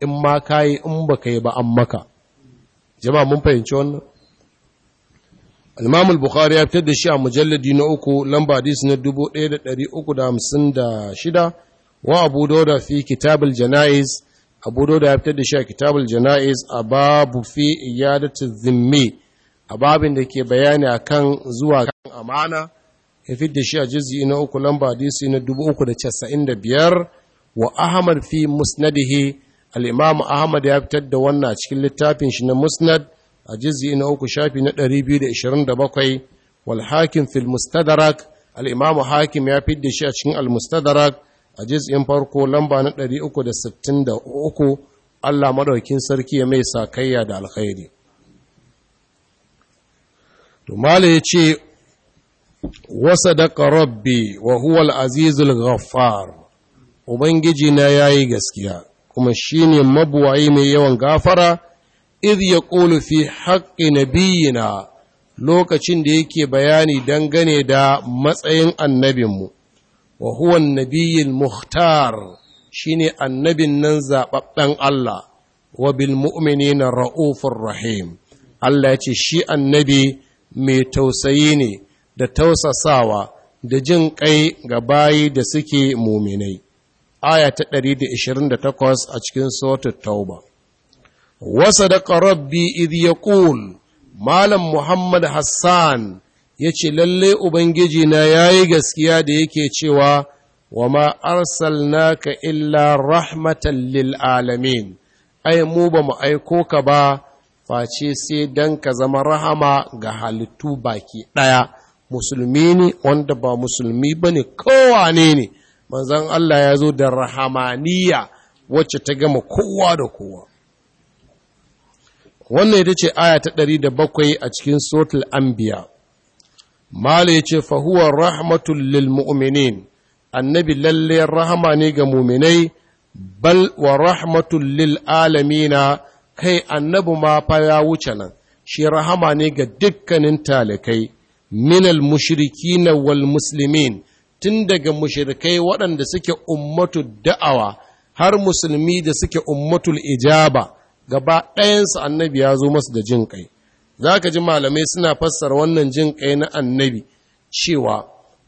in ma ka yi in ba ka yi ba an maka jama mun fahimci wannan al bukhari ya fitar da shi a mujalladi na uku lamba hadis na 1356 wa abu dauda fi kitabul janaiz abu dauda ya fitar da shi a kitabul janaiz a babu fi iyadatu zimmi a babin da ke bayani akan zuwa kan amana ya fidda shi a juz'i na uku lamba hadisi na biyar wa Ahmad fi musnadihi al-Imam Ahmad ya fitar da wannan a cikin littafin shi na Musnad a juz'i na uku shafi na 227 wal Hakim fil Mustadrak al-Imam Hakim ya fidda shi a cikin al-Mustadrak a juz'in farko lamba na uku. Allah maɗaukin sarki ya mai sakayya da alkhairi to mala ya ce Wasadaka ربي وهو العزيز الغفار ubangiji na yayi gaskiya kuma shine mabuwayi mai yawan gafara idh yaqulu fi haqqi nabiyina lokacin da yake bayani dangane da matsayin annabinmu wa huwa an-nabiyyul muhtar shine annabin nan zababben Allah wa bil mu'minina ra'ufur rahim Allah ya ce shi annabi mai tausayi ne da tausasawa da jin ƙai ga bayi da suke muminai aya ta 128 a cikin sautar tauba wasa da ƙarabbi ya yaqul malam muhammad hassan ya ce lalle ubangiji na ya yi gaskiya da yake cewa wa ma arsalnaka illa rahmatan lil ai mu ba mu aiko ka ba face sai dan ka zama rahama ga halittu baki ɗaya musulmi ne wanda ba musulmi ba ne kowane ne manzan Allah ya zo da rahamaniya wacce ta gama kowa da kowa wannan ita ce aya ta ɗari da bakwai a cikin sotul anbiya mala ya ce fahuwar rahmatul lil mu'minin annabi lalle rahama ne ga muminai bal wa rahmatul lil alamina kai annabu ma fa wuce nan shi rahama ne ga dukkanin talakai. minal mushrikina wal muslimin tun daga mushrikai waɗanda suke ummatu da'awa har musulmi da suke ummatul ijaba gaba ɗayansu annabi ya zo masu da jin ƙai. za ka ji malamai suna fassara wannan jin ƙai na annabi cewa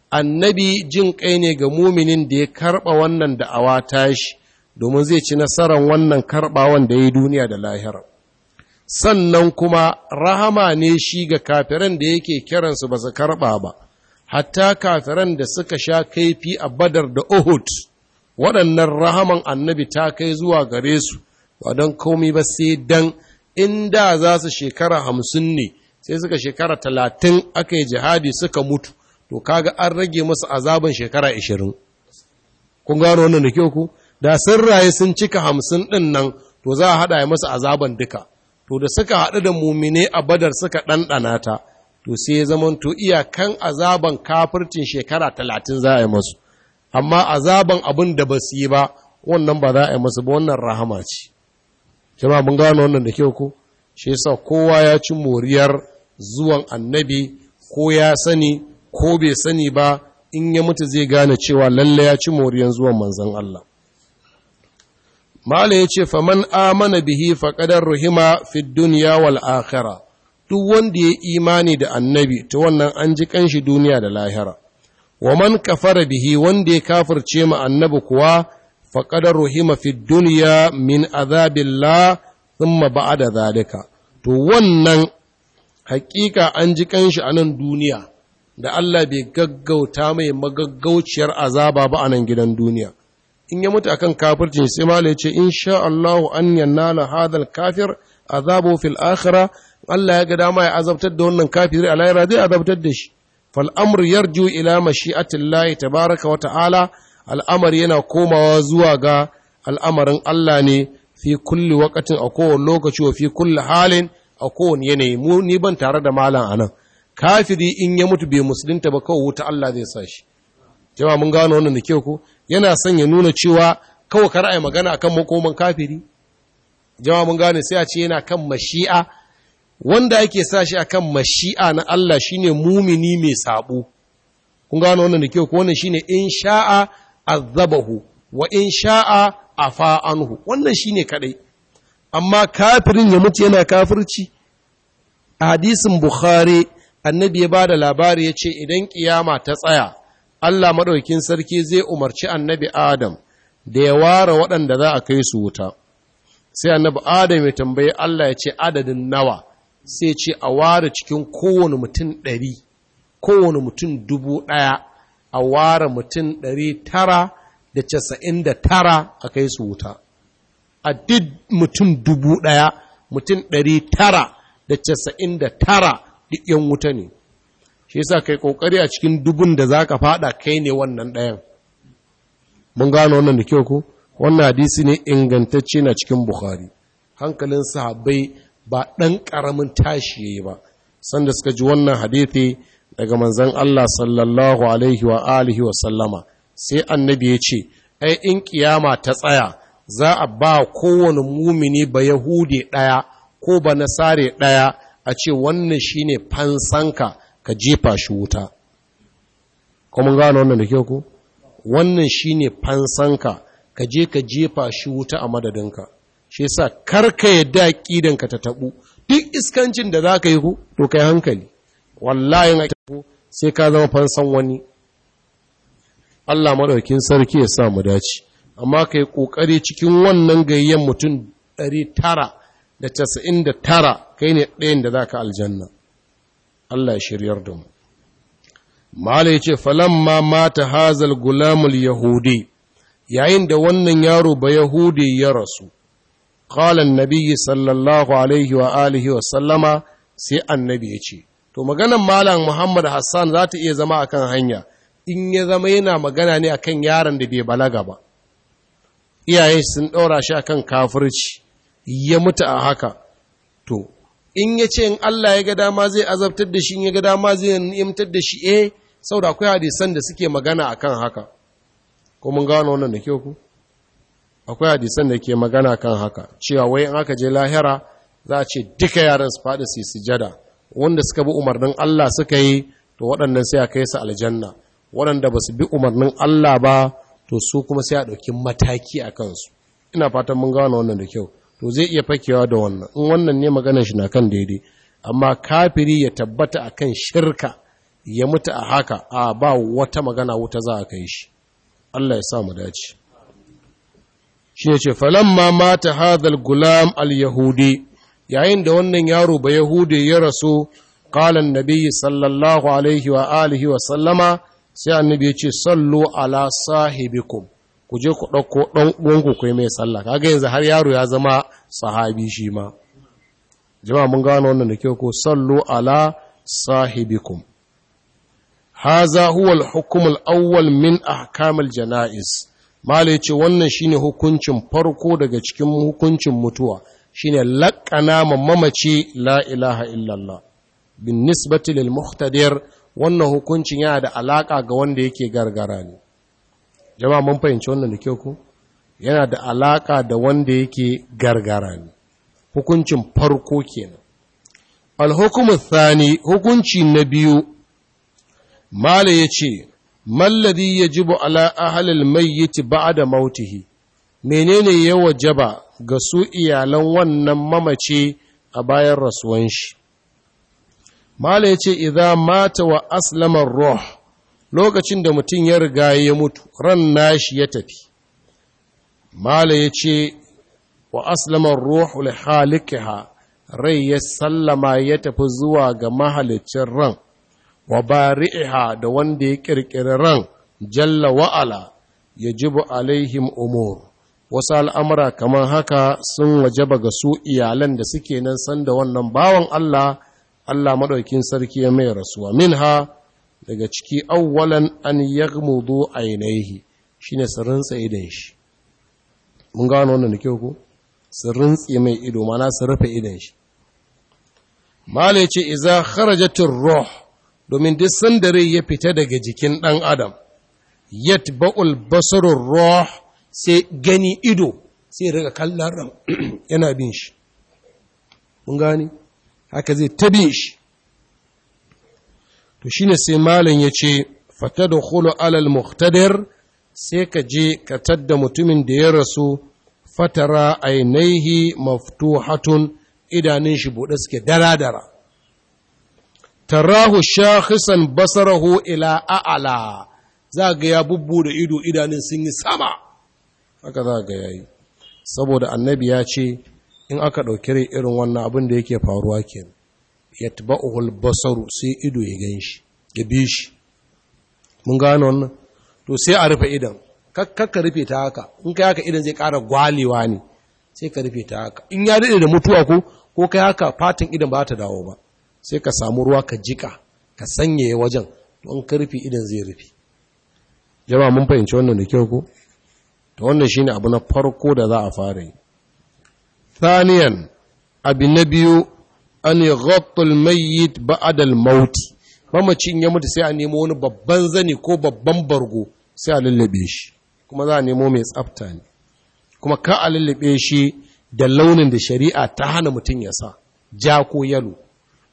annabi jin ƙai ne ga muminin da ya karɓa wannan da'awa tashi domin zai ci nasarar wannan karɓawan da ya yi duniya da lahira. sannan kuma rahama ne shi ga kafiran da yake kiransu ba su karɓa ba, hatta kafiran da suka sha kaifi a badar da Uhud, waɗannan rahaman annabi ta kai zuwa gare su, ba don komi ba sai dan inda za su shekara hamsin ne, sai suka shekara talatin aka yi jihadi suka mutu, to kaga an rage masu azaban shekara ashirin. Kun gano wannan da kyau ku? Da sun raye sun cika hamsin ɗin nan, to za a haɗa musu azaban duka. to da suka haɗu da mumine a badar suka ɗanɗana ta to sai ya zama to iyakan azaban kafircin shekara talatin za a yi masu amma azaban abin da ba su yi ba wannan ba za a yi masu ba wannan rahama ce Jama mun gano wannan da kyau ko shi yasa kowa ya ci moriyar zuwan annabi ko ya sani ko bai sani ba in ya mutu zai gane cewa lalle ya ci moriyar zuwan manzon Allah mala ya ce faman amana bihi faƙadar ruhima fi duniya wal akhira duk wanda ya imani da annabi ta wannan an ji kanshi duniya da lahira wa man kafara bihi wanda ya kafirce ma annabi kuwa faƙadar ruhima fi duniya min azabillah thumma ba'da zalika to wannan hakika an ji kanshi a nan duniya da Allah bai gaggauta mai magaggauciyar azaba ba a nan gidan duniya in ya mutu akan kafircin sai malai ce insha Allah an yanala hadal kafir azabu fil akhirah Allah ya ga dama ya azabtar da wannan kafiri a lahira zai azabtar da shi fal amru yarju ila mashi'atillahi tabaraka wa ta'ala al'amari yana komawa zuwa ga al'amarin Allah ne fi kulli waqatin a kowane lokaci wa fi kulli halin a kowane yanayi mu ni ban tare da malam anan kafiri in ya mutu bai musulunta ba kawai wuta Allah zai sa shi jama mun gano wannan da kyau ko yana son ya nuna cewa kawai ka ai magana kan makoman kafiri jama'a mun gane sai a ce yana kan mashi'a wanda ake sa shi akan mashi'a na Allah shine mumini mai sabo kun gano wannan da kyau ko wannan shine in sha'a azabahu wa in sha'a afa anhu wannan shine kadai amma kafirin ya mutu yana kafirci hadisin bukhari annabi ya ba da labari ya ce idan kiyama ta tsaya Allah maɗaukin sarki zai umarci annabi Adam da ya ware waɗanda za a kai su wuta. Sai annabi Adam ya tambaye Allah ya ce adadin nawa, sai ce a ware cikin kowane mutum ɗari, kowane mutum dubu ɗaya, a ware mutum ɗari tara da casa'in da tara a kai su wuta. A duk mutum dubu ɗaya, mutum ɗari tara da casa'in da tara duk ‘yan wuta ne. shi yasa kai kokari a cikin dubun da zaka fada kai ne wannan ɗayan mun gano wannan da kyau ko wannan hadisi ne ingantacce na cikin bukhari hankalin sahabbai ba ɗan karamin tashi yayi ba sanda suka ji wannan hadisi daga manzon Allah sallallahu alaihi wa alihi wa sallama sai annabi ya ce ai in kiyama ta tsaya za a ba kowane mumini ba yahudi ɗaya ko ba nasare ɗaya a ce wannan shine fansanka ka jefa shi wuta kuma gano wannan da kyau ku. wannan shi ne fansanka ka je ka jefa shi wuta a madadinka shi yasa karka yadda ƙidanka ta taɓu duk iskancin da za ka yi ku to yi hankali wallahi in ku sai ka zama fansan wani Allah maɗaukin sarki ya sa mu dace amma ka yi ƙoƙari cikin wannan gayyan mutum da da tara kai ne ɗayan da za ka aljanna Allah ya shiryar da mu mala ya ce falamma mata hazal gulamul yahudi yayin da wannan yaro ba yahudi ya rasu qala Nabiyyi sallallahu alaihi wa alihi wa sallama sai annabi ya ce to maganan malam muhammad hassan za ta iya zama akan hanya in ya zama yana magana ne akan yaron da bai balaga ba iyaye sun ɗora shi akan kafirci ya mutu a haka to in ya ce in Allah ya ga dama zai azabtar da shi in ya ga dama zai ni'imtar da shi eh saboda akwai hadisan da suke magana akan haka ko mun gano wannan da kyau ku akwai hadisan da ke magana kan haka cewa wai in aka je lahira za a ce duka yaran su faɗi su sujada wanda suka bi umarnin Allah suka yi to waɗannan sai a kai su aljanna waɗanda ba su bi umarnin Allah ba to su kuma sai a ɗauki mataki a kansu ina fatan mun gano wannan da kyau to zai iya fakewa da wannan in wannan ne maganar shi na kan daidai amma kafiri ya tabbata akan shirka ya mutu a haka a ba wata magana wuta za a kai shi Allah ya sa mu dace shi ne ce ma mata hadal gulam al yahudi yayin da wannan yaro ba yahudi ya rasu kalan nabi sallallahu alaihi wa alihi wa sallama sai annabi ya ce sallu ala sahibikum ku je ku ɗauko ɗan uwanku kai mai sallah kaga yanzu har yaro ya zama sahabi shi ma Jima mun gano wannan da kyau ko sallu ala sahibikum haza huwa al-hukm al-awwal min ahkam al-janaiz mala yace wannan shine hukuncin farko daga cikin hukuncin mutuwa shine laqana mamaci la ilaha illallah bin nisbati lil wannan hukuncin yana da alaka ga wanda yake gargara ne jama'a mun fahimci wannan da kyau ko yana da alaka da wanda yake gargara ne hukuncin farko kenan al thani hukunci na biyu mala yace malladhi yajibu ala ahli al-mayyit ba'da mautihi menene ya wajaba ga su iyalan wannan mamace a bayan rasuwan shi mala yace idza mata wa aslama ruh lokacin da mutum ya riga ya mutu ran nashi ya tafi mala ya ce wa aslaman ruhul halikiha rai ya sallama ya tafi zuwa ga mahalicin ran wa bari'iha da wanda ya kirkiri ran jalla wa'ala ya jibu alaihim umur wasu al'amura kamar haka sun wajaba ga su iyalan da suke nan sanda wannan bawan Allah Allah maɗaukin sarki ya mai rasuwa min ha daga ciki awwalan an yaghmudu ainihi shine su rintsa idan shi mun gano wannan da kyau ko sirrin rintsa mai ido mana su rufe idan shi mala ce iza kharajatir ruh domin duk sandare ya fita daga jikin dan adam yatba'ul basarur ruh sai gani ido sai riga kallon ran yana bin shi mun gani haka zai ta bin shi to shine sai malam ya ce fata da hulu alal muhtadir sai ka je ka tadda mutumin da ya rasu fatara ainihi maftuhatun idanun shi buɗe suke dara-dara tarahu shakhisan basarahu ila a'ala za ga ya da ido idanun sun yi sama haka za ga yayi saboda annabi ya ce in aka ɗauki irin wannan abin da yake faruwa kenan yatba'uhu al-basaru sai ido ya ganshi ya bi shi mun gano wannan to sai a rufe idan kakka rufe ta haka in kai haka idan zai ƙara gwalewa ne sai ka rufe ta haka in ya daɗe da mutuwa ko ko kai haka fatin idan ba ta dawo ba sai ka samu ruwa ka jika ka sanyaye wajen To don ka rufe idan zai rufe jama'a mun fahimci wannan da kyau ko to wannan shine abu na farko da za a fara yi thaniyan abu na biyu an yaghattul mayyit ba'adal mauti. mamacin ya mutu sai a nemo wani babban zani ko babban bargo sai a lullube shi kuma za a nemo mai tsafta ne kuma ka a lullube shi da launin da shari'a ta hana mutum ya sa ja ko yalo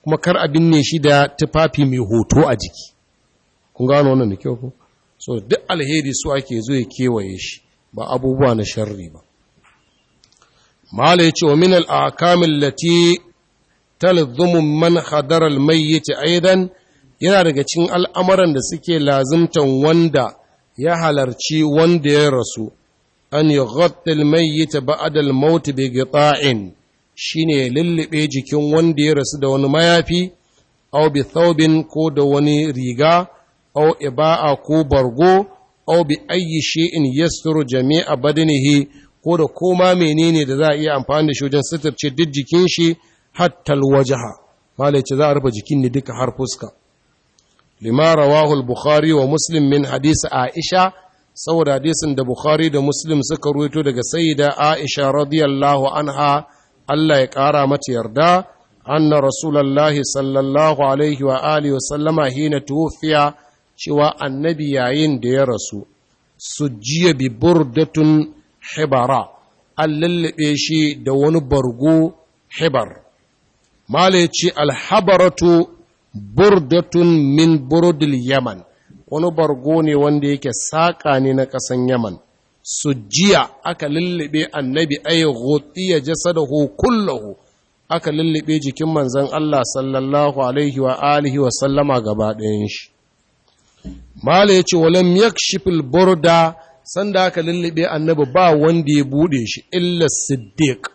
kuma kar a binne shi da tufafi mai hoto a jiki kun gano wannan da kyau ko so duk alheri su ake zo ya kewaye shi ba abubuwa na sharri ba mala yace wa min al lati talzumun man hadara almayyit aidan yana daga cikin al'amuran da suke lazimtan wanda ya halarci wanda ya rasu an yughatti almayyit ba'da almaut bi shi shine lullube jikin wanda ya rasu da wani mayafi au bi thawbin ko da wani riga au iba'a ko bargo au bi ayyi shay'in yasturu jami'a badanihi ko da koma menene da za a iya amfani da shi wajen suturce duk jikin shi hattal wajaha malai ce za a rufe jikin ne duka har fuska lima rawahul bukhari wa muslim min hadisi aisha saboda hadisin da bukhari da muslim suka ruwaito daga sayyida aisha radiyallahu anha Allah ya kara mata yarda anna rasulullahi sallallahu alaihi wa alihi wa sallama hina tuwfiya cewa annabi yayin da ya rasu sujiya bi burdatun hibara an lallabe shi da wani bargo hibar mala ya ce alhabaratu burdatun min burdil yaman wani bargo ne wanda yake saƙa ne na ƙasan yaman su jiya aka lullube annabi ay ghutiya jasadahu kullahu aka lullube jikin manzon Allah sallallahu alaihi wa alihi wa sallama gaba ɗayan shi mala yace walam yakshifil burda sanda aka lullube annabi ba wanda ya buɗe shi illa siddiq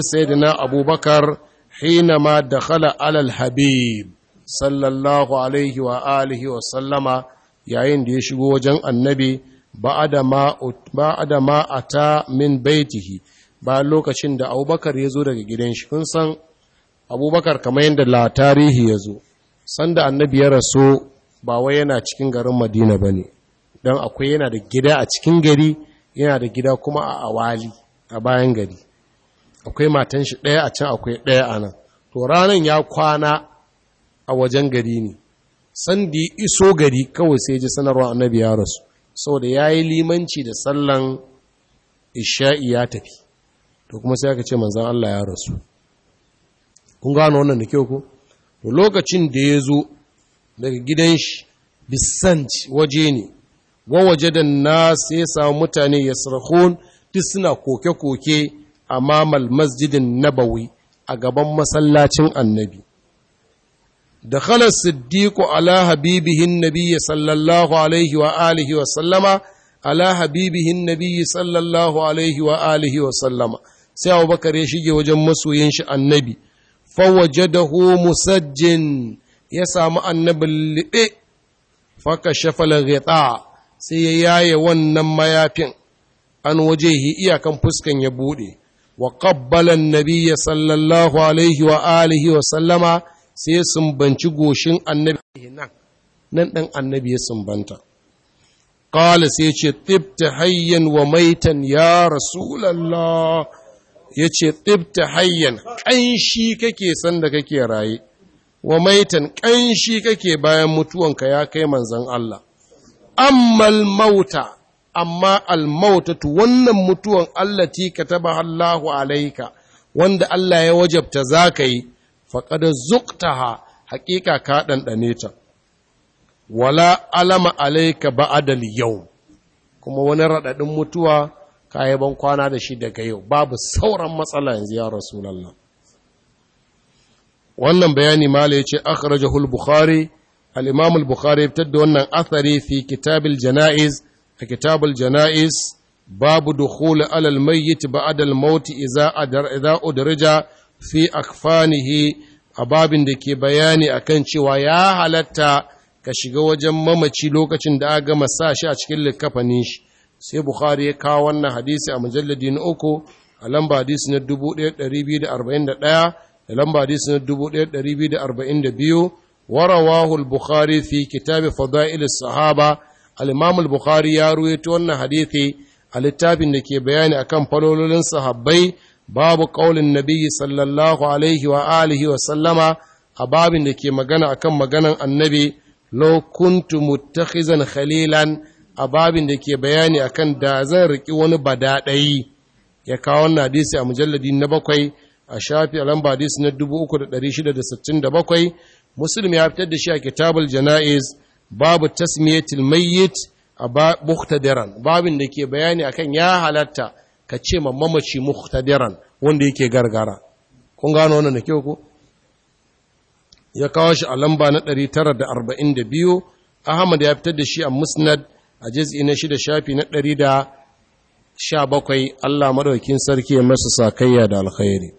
sai na abubakar حينما دخل على الحبيب صلى الله عليه وآله وسلم yayin da ya shigo wajen annabi ba da ma a ta min baitihi ba lokacin da abubakar ya zo daga gidan shi kun san abubakar kamar yadda la tarihi ya zo sanda annabi ya rasu ba wai yana cikin garin madina ba ne don akwai yana da gida a cikin gari yana da gida kuma a awali a bayan gari akwai matan shi ɗaya a can akwai ɗaya a nan to ranar ya kwana a wajen gari ne san ya iso gari kawai sai ji sanarwa annabi ya rasu saboda ya yi limanci da sallan isha'i ya tafi to kuma sai aka ce manzan Allah ya rasu kun gano wannan da kyau ko to lokacin da ya zo daga gidan shi bisanci waje ne wa waje da na sai samu mutane ya sarhun duk suna koke-koke amamal masjidin nabawi a gaban masallacin annabi da khalar siddiqu ala habibihin nabiyyi sallallahu alaihi wa alihi wa sallama ala habibihin nabiyyi sallallahu alaihi wa alihi wa sallama sai abubakar ya shige wajen masoyin shi annabi fawajadahu musajjin ya samu annabin liɓe faka shafalar gita sai ya yaye wannan mayafin an waje iyakan fuskan ya buɗe wa ƙabbalan nabiya sallallahu alaihi wa alihi wa sallama sai goshin annabi nan nan ɗan annabi ya sumbanta ƙala sai ce tsibta hayyan wa maitan ya rasulallah ya ce hayyan ƙanshi kake sanda kake raye wa maitan ƙanshi kake bayan mutuwanka ya kai manzon Allah ammal mauta amma almautatu wannan mutuwan Allah ti ka taba Allahu alaika wanda Allah ya wajabta za ka yi faqad zuqtaha haƙiƙa ka ɗanɗane ta wala alama alaika adal yau kuma wani raɗaɗin mutuwa ka yi ban kwana da shi daga yau babu sauran matsala yanzu ya rasulallah wannan bayani mala ce, akhrajahu al-bukhari al-imam al-bukhari fitar da wannan athari fi kitabil janaiz a kitabul jana'is babu dukhul alal mayyit ba'da al-maut idza adra udrija fi akfanihi a babin da ke bayani akan cewa ya halatta ka shiga wajen mamaci lokacin da aka gama sa shi a cikin likafanin shi sai bukhari ya kawo wannan hadisi a mujalladi na uku a lamba hadisi na 1241 da lamba hadisi na 1242 warawahu al-bukhari fi kitab fadail as-sahaba al-imam bukhari ya ruwaito wannan hadisi a littafin da ke bayani akan falololin sahabbai babu qaulin nabi sallallahu alaihi wa alihi wa sallama a babin da ke magana akan maganan annabi lokuntu kuntu khalilan a babin da ke bayani akan da zan riki wani badadai ya kawo wannan hadisi a mujalladi na bakwai a shafi a lamba hadisi na 3667 muslim ya fitar da shi a kitabul janaiz babu tasmiyatil mayyit a muhtadiran babin da ke bayani akan ya halatta ka ce ma mamaci muhtadiran wanda yake gargara kun gano wannan da kyau ku? ya kawo shi a lamba na 942 Ahmad ya fitar da shi a Musnad a jaz'i na shida shafi na 117 Allah madaukakin sarki ya masa sakayya da alkhairi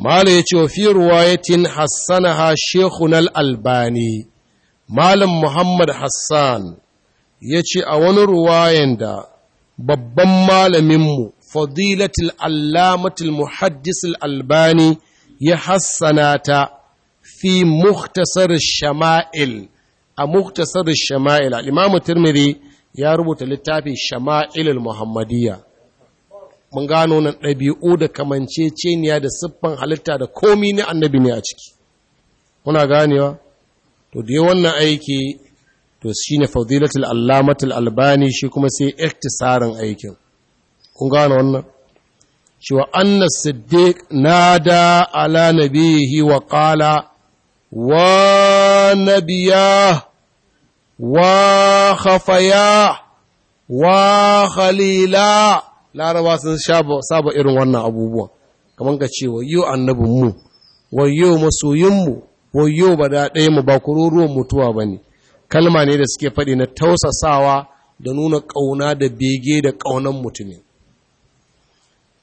Malam ya ce wa fi ruwayatin hassanaha Sheikhun al-Albani Malam Muhammad Hassan ya ce a wani ruwayan da babban malaminmu fadilatul allamatul muhaddisul albani ya hassana ta fi Muktasar shama'il a muhtasar shama'il al'imamu turmiri ya rubuta littafin shama'ilul muhammadiyya mun gano nan ɗabi'u da kamanceceniya da siffan halitta da komi na annabi ne a ciki kuna ganewa to da wannan aiki to shi ne fadilatul allamatul albani shi kuma sai iktisarin aikin kun gane wannan cewa anna siddiq nada ala nabihi wa qala wa nabiya wa khafaya wa khalila laraba sun saba irin wannan abubuwan kamar ka cewa yau annabinmu wa yau masoyinmu wayo ba da ɗaya mu ba kururuwan mutuwa ba ne kalma ne da suke faɗi na tausasawa da nuna ƙauna da bege da ƙaunan mutumin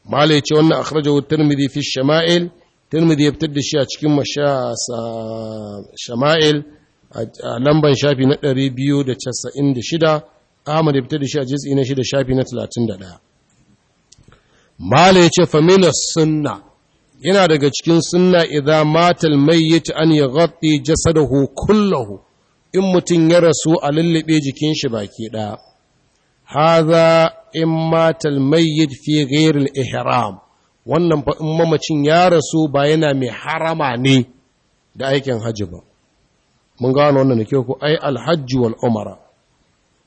malai ce wannan wa tirmidhi fi shama'il tirmidhi ya fitar da shi a cikin masha shama'il a lamban shafi na 296 ahmad ya fitar da shi a jiz'i na shida shafi na 31 malai ya ce famina sunna yana daga cikin sunna idza matal mayyit an yaghatti jasadahu kullahu in mutun ya rasu a lullube jikin shi baki ɗaya. hadha in matal mayyit fi ghairi al-ihram wannan fa in mamacin ya rasu ba yana mai harama ne da aikin haji ba mun gano wannan ke ku ai al-hajj wal umara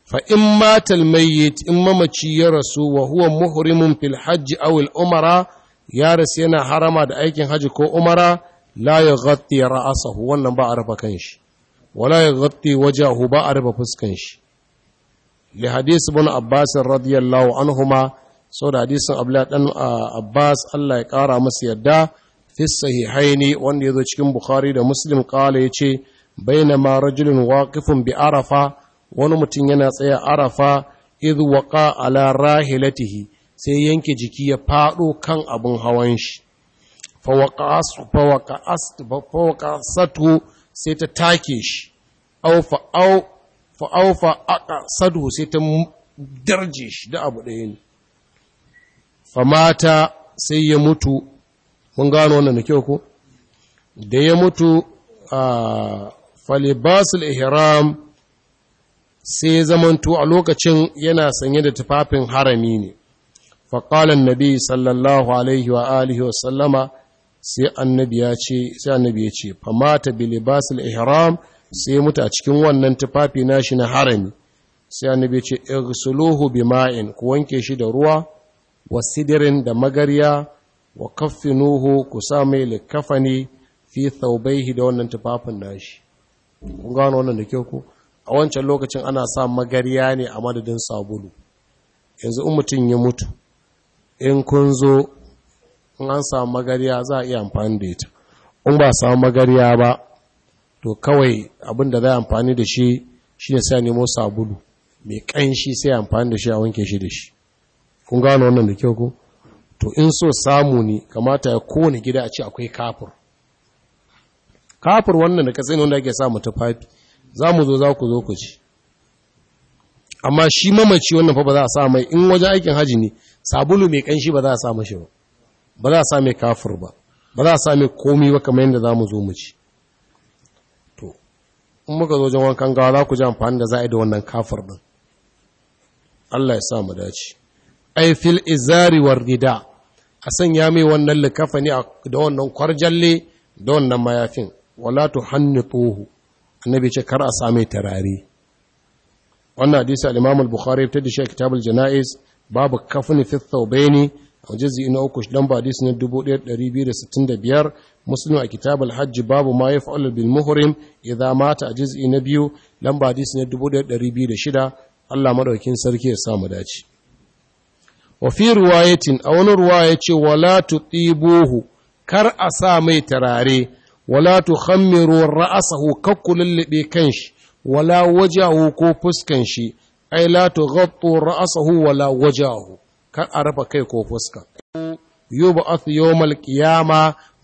fa in matal mayyit in mamaci ya rasu wa huwa muhrimun fil hajj aw al-umara ya rasu yana harama da aikin haji ko umara la ya gatti ra'asahu wannan ba a rufe kanshi wala ya gatti wajahu ba a rufe fuskan shi li bin ibn abbas radiyallahu anhuma so da hadisin abla dan abbas Allah ya kara masa yadda fi sahihaini wanda yazo cikin bukhari da muslim kala yace bainama rajulun waqifun bi arafa wani mutum yana tsaya arafa idh waqa ala rahilatihi sai yanke jiki ya faɗo kan abin hawan shi as-sato sai ta take shi fa'aufa aka sadu sai ta darje shi da abu ɗaya ne famata sai ya mutu mun gano wannan da kyau ko da ya mutu a falibasul ihram sai ya zamanto a lokacin yana sanye da tufafin harami ne فقال sallallahu alaihi الله عليه wa وسلم sai annabi ya ce sai annabi bi libasil ihram sai mutu a cikin wannan tufafi nashi na harami sai annabi ya ce irsuluhu bima'in ku wanke shi da ruwa wa sidirin da magarya wa kaffinuhu ku sa mai likafani fi thawbaihi da wannan tufafin nashi kun gano wannan da kyau ko a wancan lokacin ana sa magarya ne a madadin sabulu yanzu in mutum ya mutu in kun zo in an samu magariya za a iya amfani da ita in ba samu magariya ba to kawai abin da za a amfani da shi shi ne sai a nemo sabulu mai ƙanshi sai amfani da shi a wanke shi da shi kun gano wannan da kyau ko to in so samu ne kamata ya kowane gida a ce akwai kafur kafur wannan da katsayin wanda ake samu fafi za mu zo za ku zo ku ci amma shi mamaci wannan fa ba za a sa mai in wajen aikin hajji ne sabulu mai kanshi ba za a sa mashi ba ba za a sa mai kafir ba ba za a sa mai komi ba kamar yadda za mu zo mu ci to in muka zo wajen wankan gawa za ku ji amfani da za a yi da wannan kafir ɗin? Allah ya sa mu dace ai fil izari war rida a sanya mai wannan likafa ne da wannan kwarjalle da wannan mayafin wala tu hannituhu annabi ce kar a same tarare wannan hadisi al-Imam al-Bukhari ta da shi kitab janaiz babu kafin fi ne. a jizi na uku ba badis na 1265 musulmi a kitab Alhaji babu ma yaf'al bil muhrim idza mata a jizi na biyu dan badis na 1206 Allah madaukin sarki ya samu dace wa fi riwayatin a wani riwaya ce wala tutibuhu kar a sa mai tarare wala tukhammiru ra'sahu kakkulul libe kanshi wala wajahu ko fuskan shi ai la tughattu ra'sahu wala wajahu kar a rafa kai ko fuska yub'ath yawmal qiyama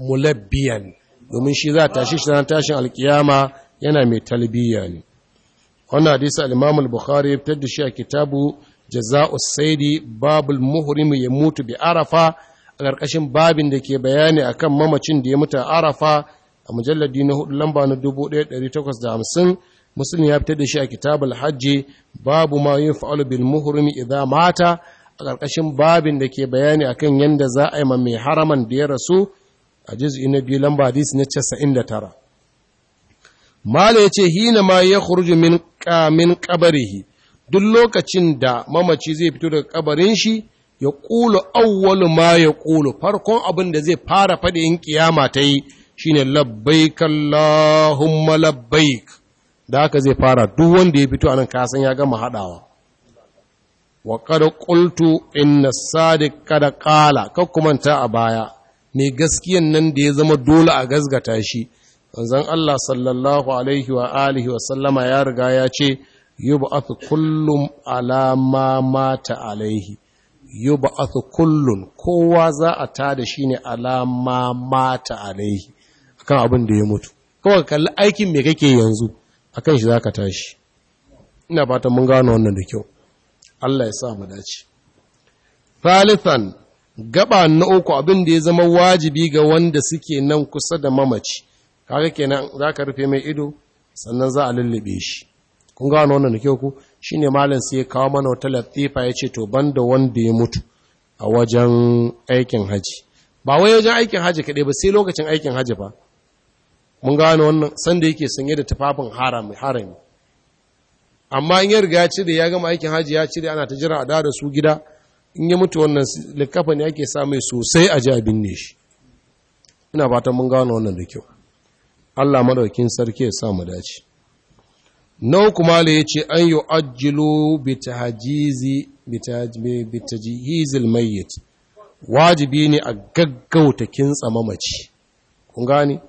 mulabbiyan domin shi za tashi shi tashin alkiyama yana mai talbiya ne wannan hadisi al-imam al-bukhari ya fitar da shi a kitabu jaza'u saidi babul muhrim ya mutu bi arafa a ƙarƙashin babin da ke bayani akan mamacin da ya mutu a arafa a mujalladi na hudu lamba na 1850 muslim ya fitar da shi a kitabul hajji babu ma yaf'alu bil muhrimi idza mata a ƙarƙashin babin da ke bayani akan yanda za a yi ma mai haraman da ya rasu a juz'i na biyu lamba hadisi na 99 mala yace hina ma yakhruju min min qabrihi duk lokacin da mamaci zai fito daga kabarin shi ya ƙulu awwalu ma ya ƙulu farkon abin da zai fara faɗi in kiyama ta yi shine labbaik Allahumma labbaik da haka zai fara duk wanda ya fito anan kasan ya gama haɗawa wa kada qultu inna sadiq kada qala kakkumanta a baya mai gaskiyan nan da ya zama dole a gazgata shi manzon Allah sallallahu alaihi wa alihi wa sallama ya riga ya ce yub'athu kullum ala ma mata alaihi yub'athu kullun kowa za a ta da shi ne ala mata alaihi kan abin da ya mutu kawai kalli aikin me kake yanzu a kan shi za ka tashi ina fatan mun gano wannan da kyau Allah ya sa mu dace falithan gaba na uku abin da ya zama wajibi ga wanda suke nan kusa da mamaci kaga kenan za ka rufe mai ido sannan za a lullube shi kun gano wannan da kyau ku shine malam sai ya kawo mana wata latifa ya ce to banda wanda ya mutu a wajen aikin haji ba wai wajen aikin haji kaɗai ba sai lokacin aikin haji ba mun gane wannan sanda yake sanye da tufafin harami amma in ya riga ya cire ya gama aikin haji ya cire ana ta jira a da su gida in ya mutu wannan likafa ne ake sa mai sosai a jabin ne shi ina fatan mun gane wannan da kyau Allah madaukin sarki ya sa mu dace na kuma mala ya ce an yi ajilo bitajihizil mayyit wajibi ne a gaggauta kintsa mamaci kun gani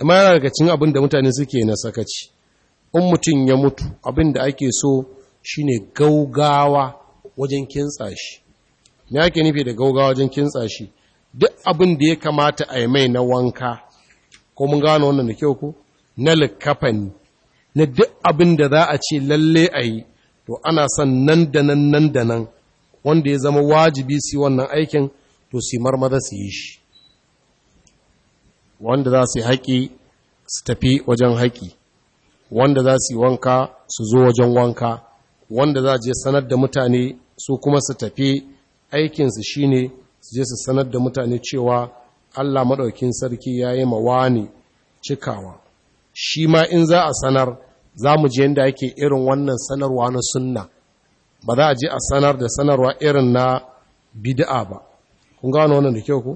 amma yana daga cikin abin da mutane suke na sakaci in mutum ya mutu abin da ake so shine gaugawa wajen kintsa shi me ake nufi da gaugawa wajen kintsa shi duk abin da ya kamata a yi mai na wanka ko mun gano wannan da kyau ko na likafani na duk abin da za a ce lalle a yi to ana son nan da nan nan da nan wanda ya zama wajibi su yi wannan aikin to su yi marmada su yi shi wanda za su yi haƙi su tafi wajen haƙi wanda za su yi wanka su zo wajen wanka wanda za je sanar da mutane su kuma su tafi aikinsu shi ne su je su sanar da mutane cewa Allah maɗaukin sarki ya yi mawani cikawa shi ma in za a sanar za mu je yadda ake irin wannan sanarwa na sunna ba za a je a sanar da sanarwa irin na bid'a ba kun gano wannan da kyau ku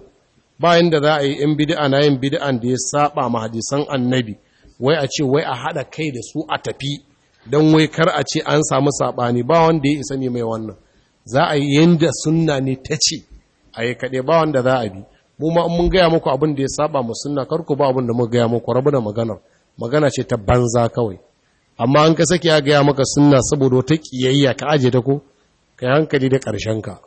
bayan da za a yi yan bid'a na yin bid'an da ya saba ma hadisan annabi wai a ce wai a hada kai da su a tafi don wai kar a ce an samu sabani ba wanda ya isa ne mai wannan za a yi yanda sunna ne ta ce a yi kaɗai ba wanda za a bi mu ma mun gaya muku abin da ya saba mu sunna kar ku ba abin da mun gaya muku rabu da magana, magana ce ta banza kawai amma an ka sake ya gaya maka sunna saboda wata kiyayya ka aje ta ko kai hankali da ƙarshen ka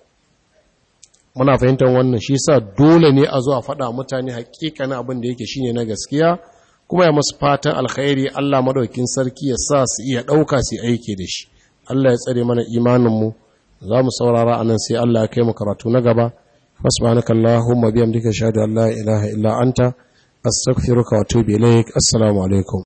muna fahimtar wannan shi sa dole ne a zuwa a faɗa mutane hakikanin abin da yake shine na gaskiya kuma ya masu fatan alkhairi Allah madaukin sarki ya sa su iya ɗauka su aiki da shi Allah ya tsare mana imaninmu za mu saurara anan sai Allah ya kai mu karatu na gaba subhanaka allahumma bihamdika shahadu an la ilaha illa anta astaghfiruka wa atubu ilaik assalamu alaikum